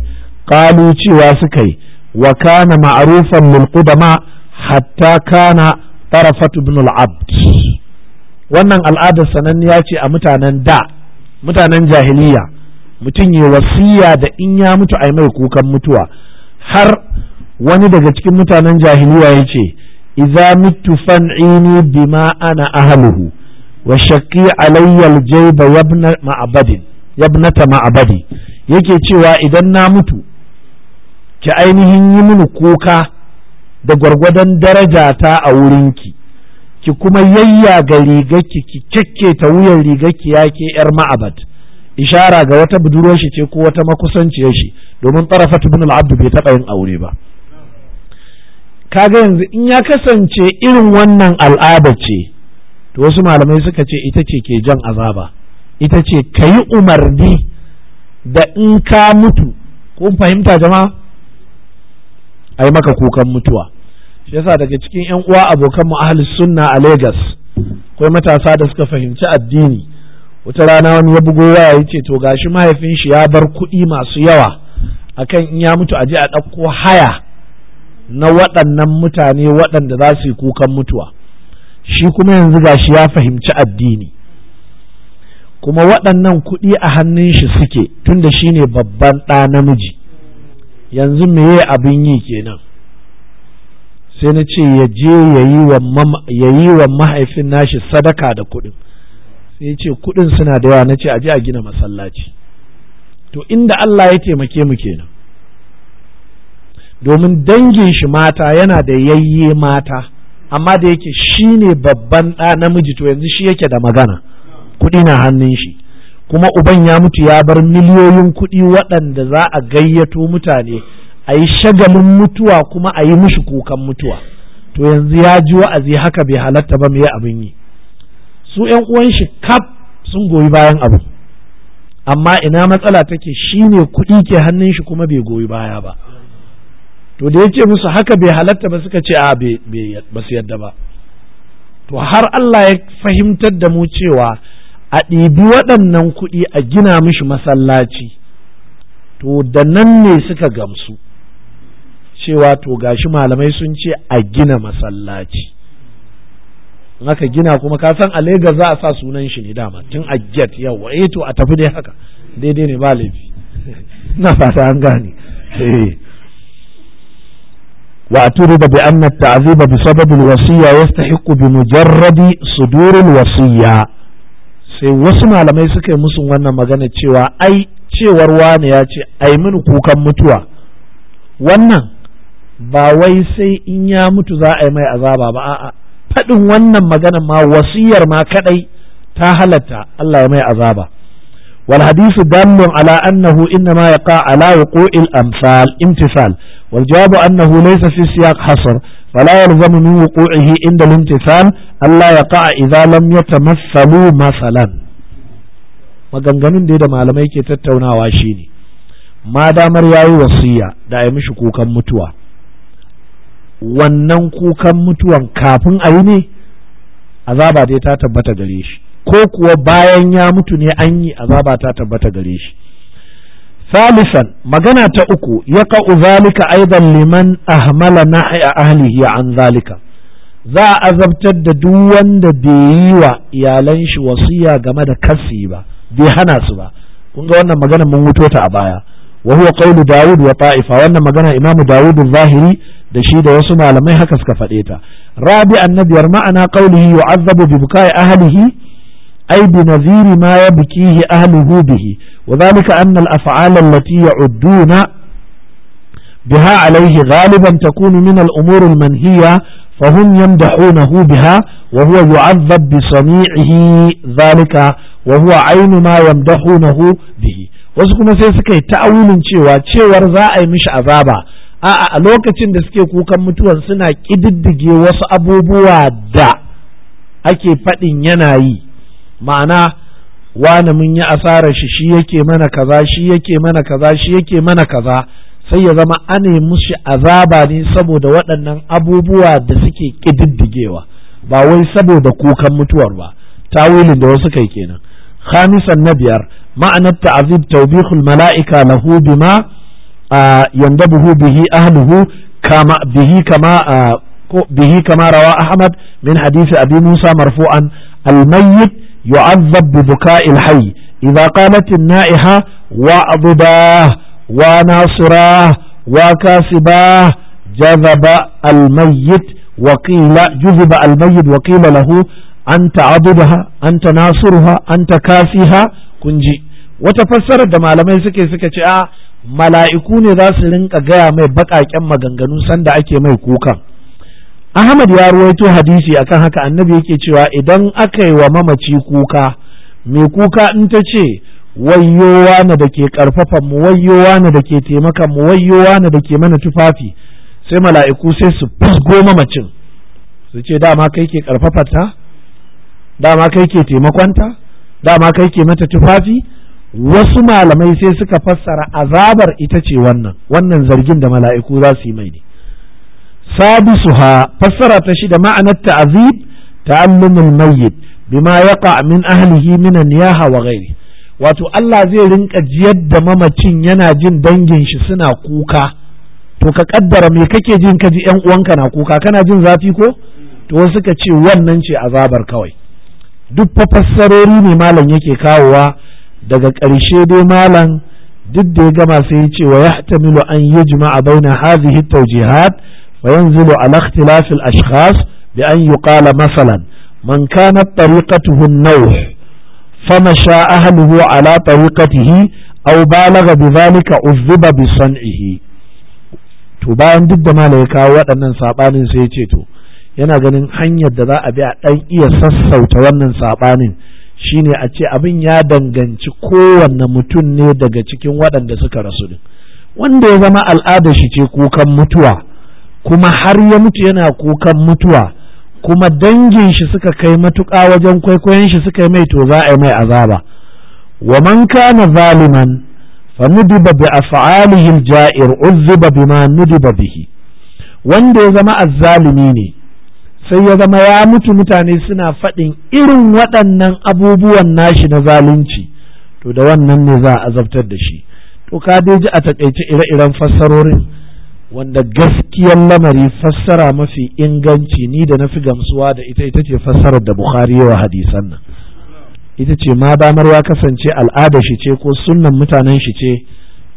qalu cewa suka yi wa kana ma'rufan lil qudama hatta kana tarafat ibn al-abd wannan al'adar sananniya ce a mutanen da mutanen jahiliya mutum ya wasiya da in ya mutu ai mai kukan mutuwa har wani daga cikin mutanen jahiliya ya ce iza mittu fan'ini bima ana ahluhu wa shaqi alayya aljayba yabna ma'abadin yabnata ma'abadi yake cewa idan na mutu ki ainihin yi mini kuka da gwargwadon daraja ta a wurinki ki kuma ga rigarki ki ta wuyan rigarki yake yar ma'abad ishara ga wata budurwar shi ce ko wata makusanciyar shi domin tsarafa ibn al bai taɓa yin aure ba kaga yanzu in ya kasance irin wannan al'ada ce to wasu malamai suka ce ita ce ke jan azaba ita ce ka yi umarni da in ka mutu ko fahimta jama'a ai maka kukan mutuwa shi yasa daga cikin yan uwa abokan mu ahli sunna a Legas, akwai matasa da suka fahimci addini wata rana wani ya bugo waya ya ce to gashi mahaifin shi ya bar kuɗi masu yawa akan in ya mutu a je a ɗauko haya na waɗannan mutane waɗanda za su yi kukan mutuwa shi kuma yanzu shi ya fahimci addini kuma waɗannan kuɗi a hannun shi suke tunda shi ne babban ɗa namiji yanzu me ya abin yi kenan sai na ce ya je ya yi wa mahaifin nashi sadaka da kuɗin sai ya ce kuɗin suna da yawa na ce a je a gina masallaci to inda Allah ya taimake mu kenan domin dangin shi mata yana da yayye mata amma da yake shine babban ɗa namiji to yanzu shi yake da magana kuɗi na hannun shi kuma uban ya mutu ya bar miliyoyin kuɗi waɗanda za a gayyato mutane a yi shagalin mutuwa kuma a yi mushi kukan mutuwa to yanzu ya ji wa'azi haka bai halatta ba mai abin yi su ‘yan uwan shi kaf sun goyi bayan abu amma ina matsala take shine ne kuɗi ke hannun shi kuma bai goyi baya ba to da ya ce musu haka bai halatta ba suka ce a ba su yadda ba to har Allah ya fahimtar da mu cewa a ɗibi waɗannan kuɗi a gina mishi masallaci to da nan ne suka gamsu cewa to gashi malamai sun ce a gina masallaci aka gina kuma ka san a Legas za a sa sunan shi ne dama tun a get yawa eh to a tafi dai haka daidai ne ba laifi na fata an gane eh. واعترض بأن التعذيب بسبب الوصية يستحق بمجرد صدور الوصية sai wasu malamai suka yi musu wannan magana cewa ai cewar wani ya ce ai mini kukan mutuwa wannan ba wai sai in ya mutu za a yi mai azaba ba a'a faɗin wannan magana ma wasiyar ma kadai ta halatta Allah ya mai azaba wal hadisu dallun ala annahu inna ma yaqa ala wuqu'il amsal imtisal والجواب أنه ليس في سياق حصر فلا يلزم من وقوعه عند الامتثال ألا يقع إذا لم يتمثلوا مثلا maganganun da malamai ke tattaunawa shine ma damar yayi wasiya da a yi mishi kukan mutuwa wannan kukan mutuwan kafin a yi ne azaba dai ta tabbata gare shi ko kuwa bayan ya mutu ne an yi azaba ta tabbata gare shi ثالثا مغنى تأكو يقع ذلك أيضا لمن أهمل نحي أهله عن ذلك za za'a azabtar da duk wanda bai wa iyalan shi wasiya game da kasi ba bai hana su ba kun ga wannan magana mun wuto ta a baya wa huwa qawlu daud wa ta'ifa wannan magana imam daud zahiri da shi da wasu malamai haka suka faɗe ta rabi annabiyar ma'ana qawlihi yu'azzabu bi bukai ahlihi ay bi nadhiri ma yabkihi ahluhu bihi وذلك أن الأفعال التي يعدون بها عليه غالبا تكون من الأمور المنهية فهم يمدحونه بها وهو يعذب بصنيعه ذلك وهو عين ما يمدحونه به wasu kuma sai suka yi ta'awulin cewa cewar za a yi mishi azaba a a lokacin da suke kukan mutuwan suna ƙididdige wasu abubuwa da ake faɗin yana yi ma'ana wani mun yi asarar shi shi yake mana kaza shi yake mana kaza shi yake mana kaza sai ya zama ane mushi azaba ne saboda waɗannan abubuwa da suke ƙididdigewa ba wai saboda kukan mutuwar ba tawilin da wasu kai kenan khamisan na biyar ma'anar ta'azib taubihul mala'ika lahu bima buhu bihi ahluhu kama bihi kama bihi kama rawa ahmad min hadisi abi musa marfu'an al-mayyit yu'azzab bi buka'il hayy idza qamat an-na'iha wa adba wa nasira wa kasiba jazaba al-mayyit wa qila juzba al-mayyit wa qila lahu anta abudaha anta kunji wata fassarar da malamai suke suka ce a mala'iku ne za su rinƙa gaya mai baƙaƙen maganganu sanda ake mai kuka. Ahmad ya ruwaito hadisi akan haka annabi yake cewa idan aka yi wa mamaci kuka mai kuka in ta ce wayyowa na da ke karfafan mu wayyowa na da ke taimakan mu wayyowa na da ke mana tufafi sai mala'iku sai su fusgo mamacin su ce dama kai ke karfafarta dama kai ke taimakonta dama kai ke mata tufafi wasu malamai sai suka fassara azabar ita ce wannan wannan zargin da mala'iku za su yi mai ne سادسها فسرت ta معنى التعذيب تعلم الميت بما يقع من أهله من النياحة وغيره wato Allah zai rinka jiyar da mamacin yana jin dangin shi suna kuka to ka kaddara me kake jin ka ji yan uwanka na kuka kana jin zafi ko to wasu ka ce wannan ce azabar kawai duk fa fassarori ne malam yake kawowa daga ƙarshe dai malam duk da ya gama sai ya ce wa yahtamilu an yajma'a baina hadhihi tawjihat وينزل على اختلاف الأشخاص بأن يقال مثلا من كانت طريقته النوح فمشى أهله على طريقته أو بالغ بذلك أذب بصنعه تبان ضد ما لك waɗannan saɓanin sai ce to yana ganin hanyar da za a bi a ɗan iya sassauta wannan saɓanin shine a ce abin ya danganci kowanne mutum ne daga cikin waɗanda suka rasu wanda ya zama al'adar shi ce kukan mutuwa kuma har ya mutu yana kukan mutuwa kuma dangin shi suka kai matuƙa wajen kwaikwayon shi suka yi mai to za a yi mai azaba wa man kana zaliman fa nudiba bi af'alihi al-ja'ir uzziba bima nudiba bihi wanda ya zama azzalimi ne sai ya zama ya mutu mutane suna faɗin irin waɗannan abubuwan nashi na zalunci to da wannan ne za a azabtar da shi to ka dai ji a taƙaice ire-iren fassarorin wanda gaskiyar lamari fassara mafi inganci ni da na fi gamsuwa da ita ita ce fassarar da bukhari wa hadisan nan ita ce ma damar ya kasance al'ada shi ce ko sunnan mutanen shi ce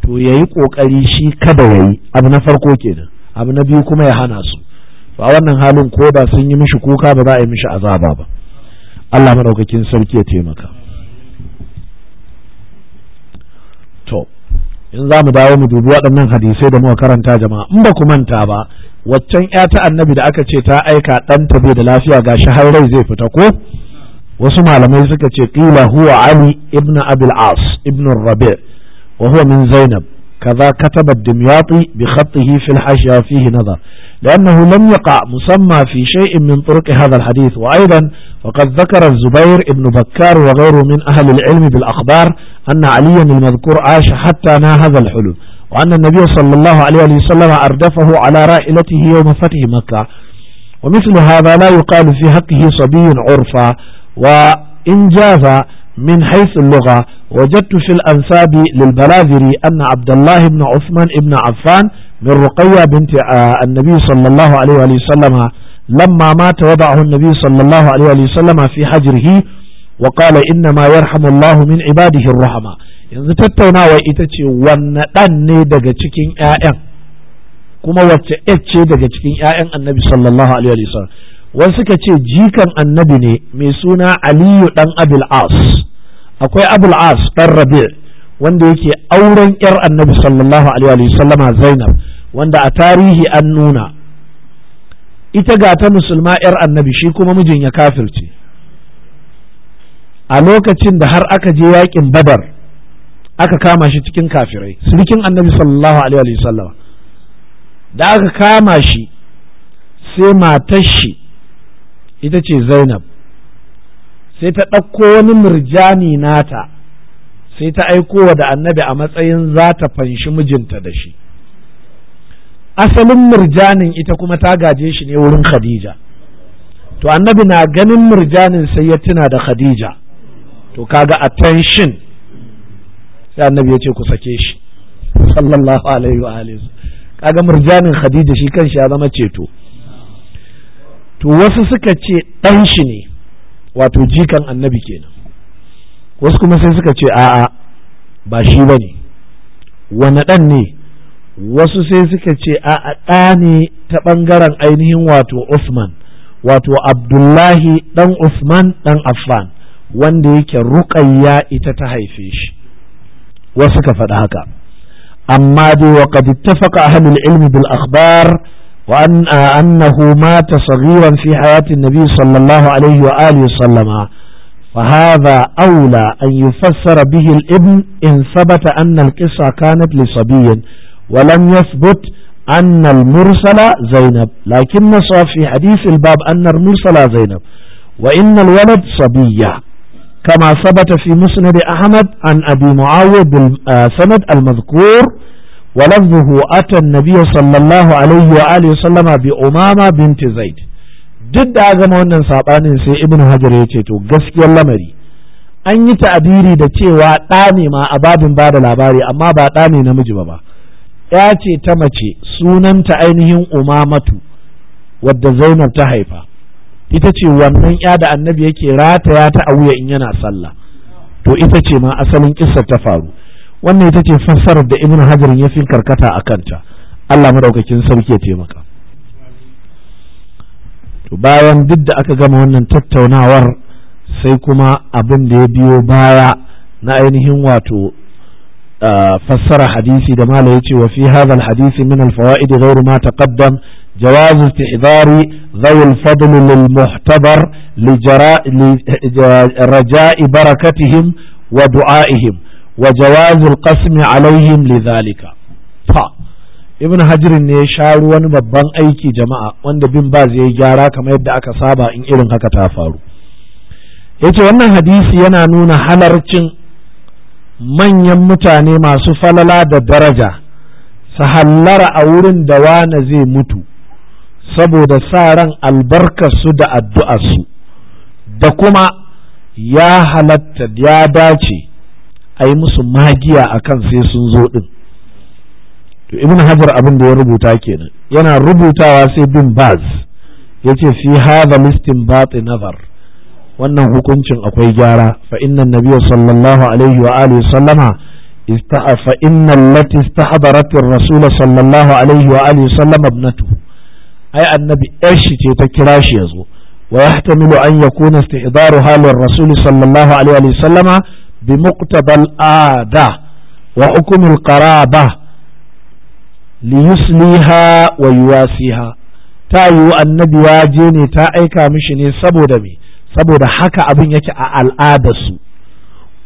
to ya yi ƙoƙari shi kada ya yi abu na farko kenan abu na biyu kuma ya hana su to a wannan halin ko ba sun yi mishi kuka ba za a yi mishi azaba ba Allah maɗaukakin sarki ya taimaka in za mu dawo mu dubi waɗannan hadisai da muka karanta jama'a in ba ku manta ba waccan ya ta annabi da aka ce ta aika dan ta bai da lafiya ga har rai zai fita ko wasu malamai suka ce qila huwa ali ibn abul as ibn rabi wa huwa min zainab kaza kataba dimyati bi khatihi fi al hashya fihi nazar لأنه لم يقع مسمى في شيء من طرق هذا الحديث وأيضا وقد ذكر الزبير ابن بكار وغيره من أهل العلم بالأخبار أن عليا المذكور عاش حتى هذا الحلم وأن النبي صلى الله عليه وسلم أردفه على رائلته يوم فتح مكة ومثل هذا لا يقال في حقه صبي عرفا وإن جاز من حيث اللغة وجدت في الأنساب للبلاذري أن عبد الله بن عثمان بن عفان من رقية بنت آه، النبي صلى الله عليه وسلم لما مات وضعه النبي صلى الله عليه وسلم في حجره wa inna ma yarhamullahu min ibadihi rahama yanzu tattaunawa ita ce wanne ɗan ne daga cikin 'ya'yan? kuma wacce ce daga cikin 'ya'yan annabi sallallahu alaihi wasallam wasu suka ce jikan annabi ne mai suna aliyu dan abul as akwai abul as dan rabi' wanda yake auren yar annabi sallallahu alaihi wasallama zainab wanda a tarihi an nuna ita ga ta musulma yar annabi shi kuma mijin ya kafirce a lokacin da har aka je yakin badar aka kama shi cikin kafirai sirikin annabi sallallahu alaihi wa sallam, da aka kama shi sai matar shi ita ce zainab sai ta ɗauko wani murjani nata sai ta aiko wa da annabi a matsayin za ta fanshi mijinta da shi asalin murjanin ita kuma ta gaje shi ne wurin khadija to annabi na ganin murjanin sai ya tuna da khadija to kaga attention sai annabi ya ce ku sake shi sallallahu alaihi wa alihi kaga murjanin khadija shi kanshi ya zama ceto to wasu suka ce dan shi ne wato jikan annabi kenan wasu kuma sai suka ce a'a ba shi bane wani ɗan ne wasu sai suka ce a ɗa ne ta ɓangaren ainihin wato Usman wato Abdullahi ɗan Usman ɗan Affan wanda yake ruqayya ita ta haife shi wasu ka faɗi haka amma dai wa qad ittafaqa ahlul ilm bil akhbar wa anna annahu mata saghiran fi hayati an-nabi sallallahu alayhi wa alihi sallama فهذا أولى أن يفسر به الابن إن ثبت أن القصة كانت لصبي ولم يثبت أن المرسل زينب لكن نصى في حديث الباب أن المرسل زينب وإن الولد صبية كما Ahmad في مسند أحمد عن أبي معاوية بالسند المذكور ولفظه أتى النبي صلى الله عليه وآله وسلم بأمامة بنت زيد duk da gama wannan saɓanin sai ibnu hajar ya ce to gaskiyar lamari an yi ta'abiri da cewa ɗa ne ma a babin ba da labari amma ba ɗa ne namiji ba ba ya ce ta mace sunanta ainihin umamatu wadda zainab ta haifa ita ce wannan ya da annabi yake rataya ta a wuya in yana sallah to ita ce ma asalin kissar ta faru wannan ita ce fassarar da ibn hajar ya fi karkata a kanta Allah madaukakin sarki ya taimaka to bayan duk da aka gama wannan tattaunawar sai kuma abin da ya biyo baya na ainihin wato ah, fassara hadisi da mala ce wa fi hadha hadisi min alfawa'id fawaid ghayr ma taqaddam جواز استحضار ذوي الفضل للمحتضر لرجاء بركتهم ودعائهم وجواز القسم عليهم لذلك ibn Hajiri ne ya sha wani babban aiki jama'a wanda bin ba zai gyara kamar yadda aka saba in irin haka ta faru yace wannan hadisi yana nuna halarcin manyan mutane masu falala da daraja su hallara a wurin da wana zai mutu saboda sa ran su da su da kuma ya halatta ya dace a yi musu magiya a kan sai sun zo ɗin to ibn hajar abin da ya rubuta kenan yana rubutawa sai bin baz ya ce fi hada listin bati nazar wannan hukuncin akwai gyara fa inna Nabiya sallallahu alaihi wa alihi sallama fa inna allati istahdarat ar-rasul sallallahu alaihi wa alihi sallama ibnatuhu ai annabi shi ce ta kira shi ya zo wa yahtamilu an yakuna istihdaru halin rasul sallallahu alaihi wa sallama bi muqtabal ada wa hukumul qaraba li yusliha wa yuwasiha ta yiwu annabi ya ne ta aika mishi ne saboda me saboda haka abin yake a al'adarsu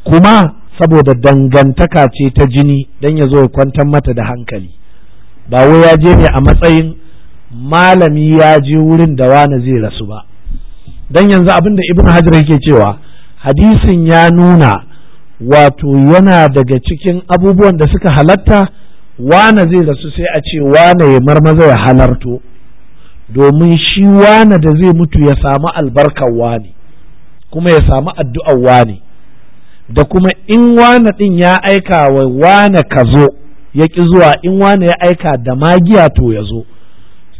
kuma saboda dangantaka ce ta jini don ya zo ya kwantar mata da hankali Bawo ya je ne a matsayin malami ya je wurin da wani zai rasu ba don yanzu abinda da ibn hajar yake cewa hadisin ya nuna wato yana daga cikin abubuwan da suka halatta wane zai rasu sai a ce wane ya marmaza ya halarto domin shi wane da zai mutu ya samu albarkar wane kuma ya samu addu'ar wane da kuma in wane ɗin ya aika wa wane ka zo ya ƙi zuwa in wane ya aika da magiya to ya zo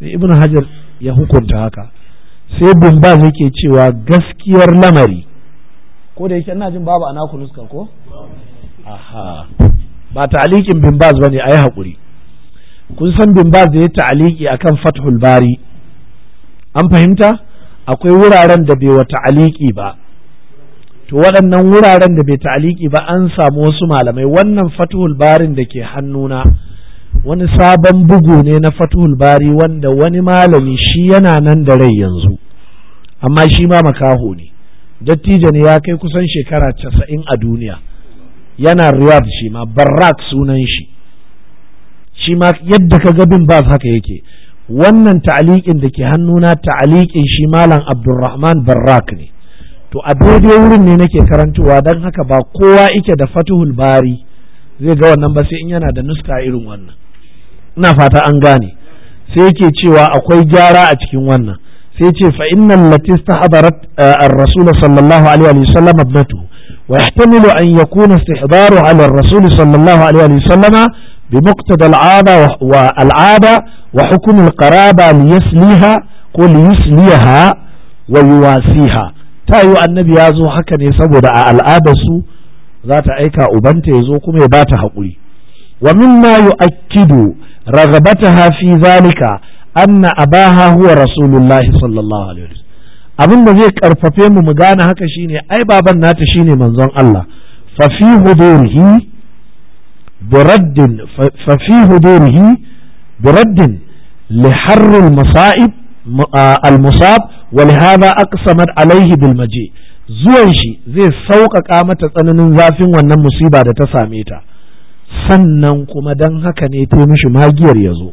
sai ibn hajar ya hukunta haka sai Bimbas yake cewa gaskiyar lamari ko da yake jin babu ana nuskar ko aha ba ta'alikin ba ne, a yi hakuri kun san bin da ya ta'aliki akan fathul bari an fahimta akwai wuraren da bai wa ta'aliki ba to waɗannan wuraren da bai ta'aliki ba an samu wasu malamai wannan fathul barin da ke hannuna wani sabon bugu ne na fatuhul bari wanda wani malami shi yana nan da rai yanzu amma shi ma makaho ne dattijo ne ya kai kusan shekara casa'in a duniya yana riyad shi ma barak sunan shi shi ma yadda ka gabin ba haka yake wannan ta'aliƙin da ke hannuna ta'aliƙin shi malam abdulrahman barak ne to a daidai wurin ne nake karantuwa don haka ba kowa ike da fatuhul bari zai ga wannan ba sai in yana da nuska irin wannan ina fata an gane sai yake cewa akwai gyara a cikin wannan sai ce fa innal lati istahdarat eh, ar-rasul sallallahu alaihi wa sallam ibnatu wa yahtamilu an yakuna istihdaru ala ar-rasul sallallahu alaihi wa sallam بمقتضى العادة والعادة وحكم القرابة ليسليها قل يسليها ويواسيها تايو النبي يازو حكا يسبب العادة سو ذات أيكا أبنت يزو كم يبات حقولي ومما يؤكد raghabataha fi zalika anna abaha hahuwa rasulullah sallallahu alaihi wasallam abin da zai karfafe mu mu gane haka shine ai baban nata shine manzon Allah fa fi hudurihi buraddin fa fi hudurihi li masa'ib al-musab wa li hadha aqsamat alaihi bil maji zuwan shi zai sauƙaƙa mata tsananin zafin wannan musiba da ta same ta sannan kuma don haka ne ta mishi magiyar ya zo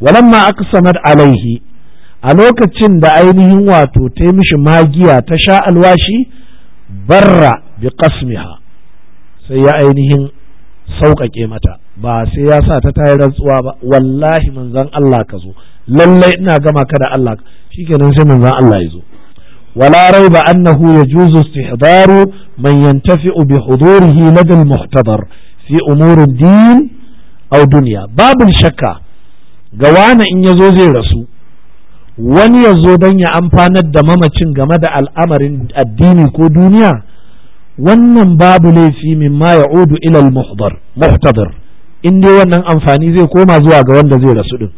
walamma aqsamat alaihi a lokacin da ainihin wato ta mishi magiya ta sha alwashi barra bi qasmiha sai ya ainihin sauƙaƙe mata ba sai ya sa ta tayi rantsuwa ba wallahi manzon Allah ka zo lallai ina gama ka da Allah shikenan sai manzon Allah ya zo ولا ريب أنه يجوز استحضار من ينتفع بحضوره لدى المحتضر fi umurin din au duniya babu shakka ga wani in yazo zai rasu wani ya zo don ya amfanar da mamacin game da al'amarin addini ko duniya wannan babu laifi mimma ya odu ilal muhtadar in dai wannan amfani zai koma zuwa ga wanda zai rasu din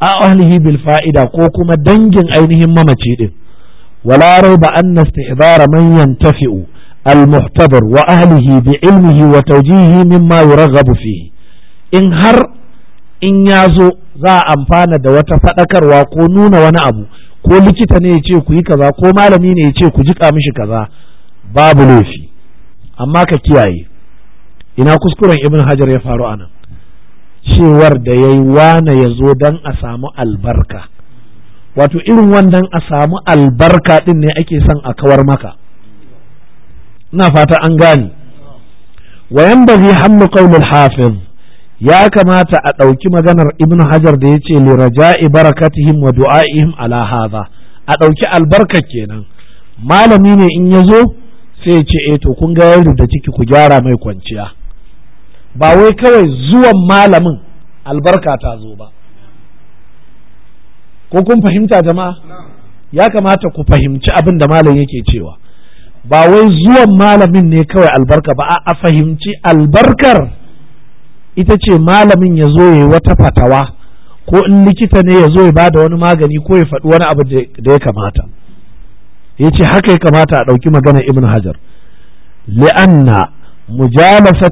a ahlihi bil fa'ida ko kuma dangin ainihin mamaci din wala raiba anna istihdara man yantafi'u المحتضر وأهله بعلمه وتوجيهه مما يرغب فيه إن هر in har in ya zo za a amfana da wata faɗakarwa ko nuna wani abu ko likita ne ya ce ku yi kaza ko malami ne ya ce ku jiƙa mishi kaza babu laifi amma ka kiyaye ina kuskuren ibn hajar ya faru anan cewar da ya yi ya zo dan a samu albarka wato irin wannan a samu albarka ɗin ne ake son a kawar maka ina fata an gane wa yanbaghi hamlu qawl al-hafiz ya kamata a ɗauki maganar ibnu hajar da yace li raja'i barakatihim wa du'a'ihim ala hadha a ɗauki albarka kenan malami ne in yazo sai ya ce eh to kun ga yaro da ciki ku gyara mai kwanciya ba wai kawai zuwan malamin albarka ta zo ba ko kun fahimta jama'a ya kamata ku fahimci abin da malam yake cewa ba wai zuwan malamin ne kawai albarka ba a fahimci albarkar ita ce malamin ya zo ya yi wata fatawa ko in likita ne ya zo ya bada wani magani ko ya faɗi wani abu da ya kamata ya ce haka ya kamata a ɗauki magana ibn hajar li'anna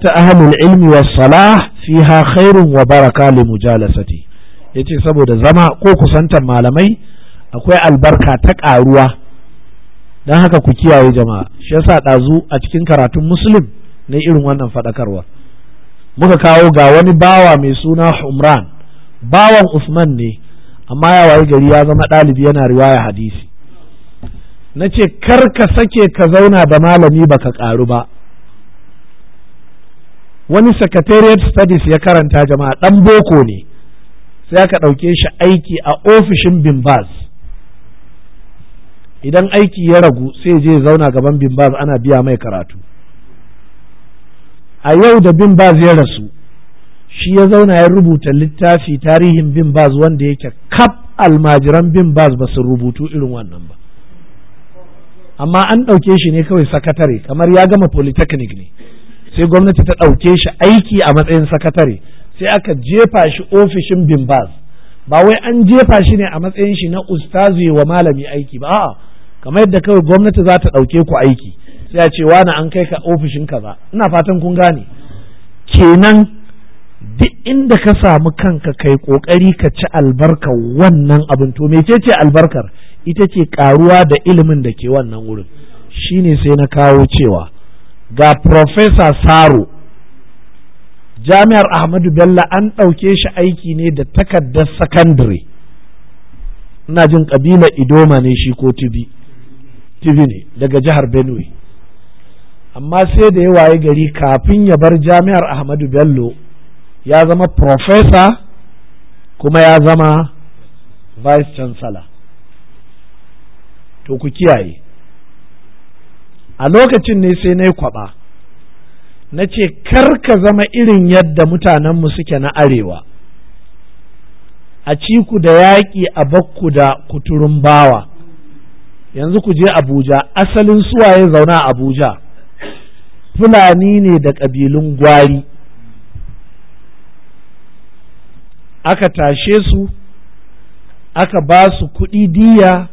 ta ahlul ilmi wa salah fiha khairun wa baraka li mujalasati yace saboda zama ko kusantar malamai akwai albarka ta ƙaruwa don haka ku kiyaye jama'a shi yasa ɗazu a cikin karatun muslim na irin wannan faɗakarwa muka kawo ga wani bawa mai suna humran bawan usman ne amma ya wayi gari ya zama ɗalibi yana riwaya hadisi na ce kar ka sake ka zauna da malami baka ƙaru ba wani secretariat studies ya karanta jama'a ɗan boko ne sai aka ɗauke shi aiki a ofishin bimbaz idan aiki ya ragu sai je zauna gaban bin baz ana biya mai karatu a yau da bin baz ya rasu shi ya zauna ya rubuta littafi tarihin bin baz wanda yake kaf almajiran bin baz ba su rubutu irin wannan ba amma an ɗauke shi ne kawai sakatare kamar ya gama polytechnic ne sai gwamnati ta ɗauke shi aiki a matsayin sakatare sai aka jefa shi ofishin bin baz ba wai an jefa shi ne a matsayin shi na ustazu wa malami aiki ba a'a kamar yadda kawai gwamnati za ta ɗauke ku aiki sai a ce wani an kai ka ofishin kaza ina fatan kun gane kenan duk inda ka samu kanka kai kokari ka ci albarka wannan abin to me mecece albarkar ita ce karuwa da ilimin da ke wannan wurin shine sai na kawo cewa ga professor Saro jami'ar ahmadu bello an ɗauke shi aiki ne da takardar sakandare ina jin ƙabilar idoma ne shi ko tibi tibi ne daga jihar benue amma sai da ya waye gari kafin ya bar jami'ar ahmadu bello ya zama professor kuma ya zama vice chancellor to ku kiyaye a lokacin ne sai na yi kwaba na ce ka zama irin yadda mutanenmu suke na arewa a ciku da yaƙi a bakku da kuturun bawa yanzu ku je abuja asalin suwaye zauna a abuja fulani ne da ƙabilun gwari aka tashe su aka ba su kuɗi diya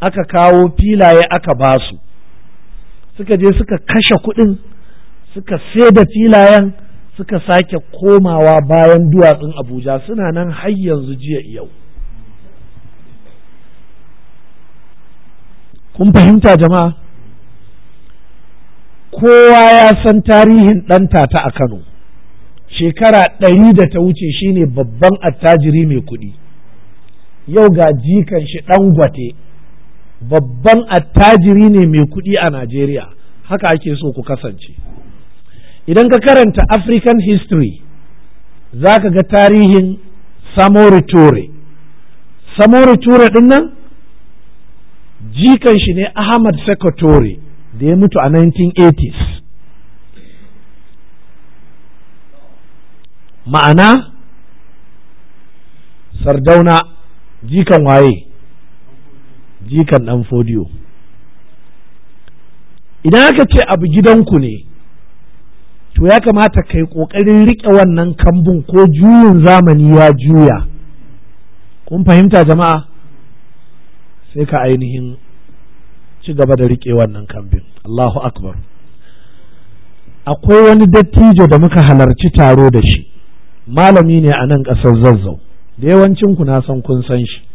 aka kawo filaye aka ba su suka je suka kashe kuɗin suka da filayen suka sake komawa bayan duwatsun abuja suna nan har yanzu jiya yau kun fahimta jama'a kowa ya san tarihin ɗan tata a kano shekara ɗari da ta wuce shine babban attajiri mai kuɗi yau ga jikan shi ɗan gwate babban attajiri ne mai kuɗi a najeriya haka ake so ku kasance idan ka karanta african history za ka ga tarihin samori ture samori ture din nan jikan shi ne ahmad seko da ya mutu a 1980s ma'ana sardauna jikan waye jikan ɗan fodiyo idan aka ce abu gidanku ne to ya kamata ka yi ƙoƙarin riƙe wannan kambun ko juyin zamani ya juya kun fahimta jama'a sai ka ainihin ci gaba da riƙe wannan kambin Allahu akbar akwai wani dattijo da muka halarci taro da shi malami ne a nan ƙasar zazzau da yawancinku na san kun san shi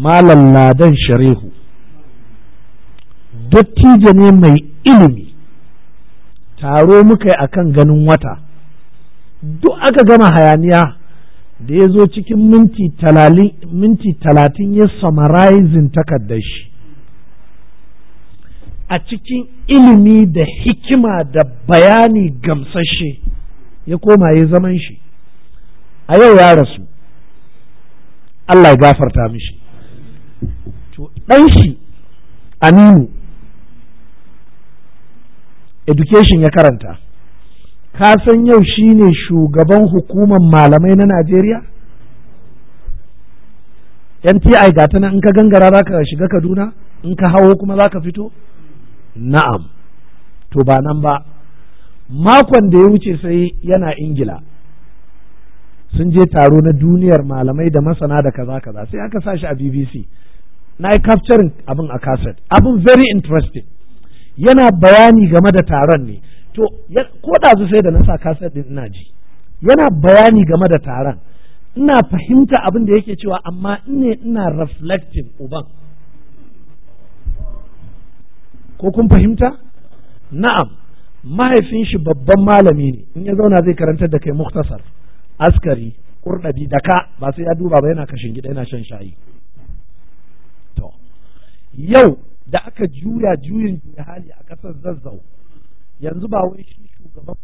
malam ladan sharihu dattijo ne mai ilimi taro muka yi a kan ganin wata duk aka gama hayaniya da ya zo cikin minti talatin ya summarizing takardar shi a cikin ilimi da hikima da bayani gamsashe ya koma ya zaman shi a yau ya rasu Allah ya gafarta mishi to ɗan shi aminu education ya karanta ka san yau shine shugaban hukumar malamai na najeriya mti gata tana in ka gangara za ka shiga kaduna in ka hawo kuma za ka fito na'am to ba nan ba makon da ya wuce sai yana ingila sun je taro na duniyar malamai da masana da kaza kaza sai aka sa shi a bbc na yi capturing abin a cassette abin very interesting yana bayani game da taron ne to ko da su sai da na sa kaset din ina ji yana bayani game da taron ina fahimta abin da yake cewa amma ne ina reflecting uban ko kun fahimta na'am mahaifin shi babban malami ne in ya zauna zai karantar da kai muktasar askari kurɗabi da ka ba sai ya duba ba yana kashin gida yana shan shayi to yau da aka juya juyin juya hali a ƙasar zazzau yanzu ba wai shi shugaban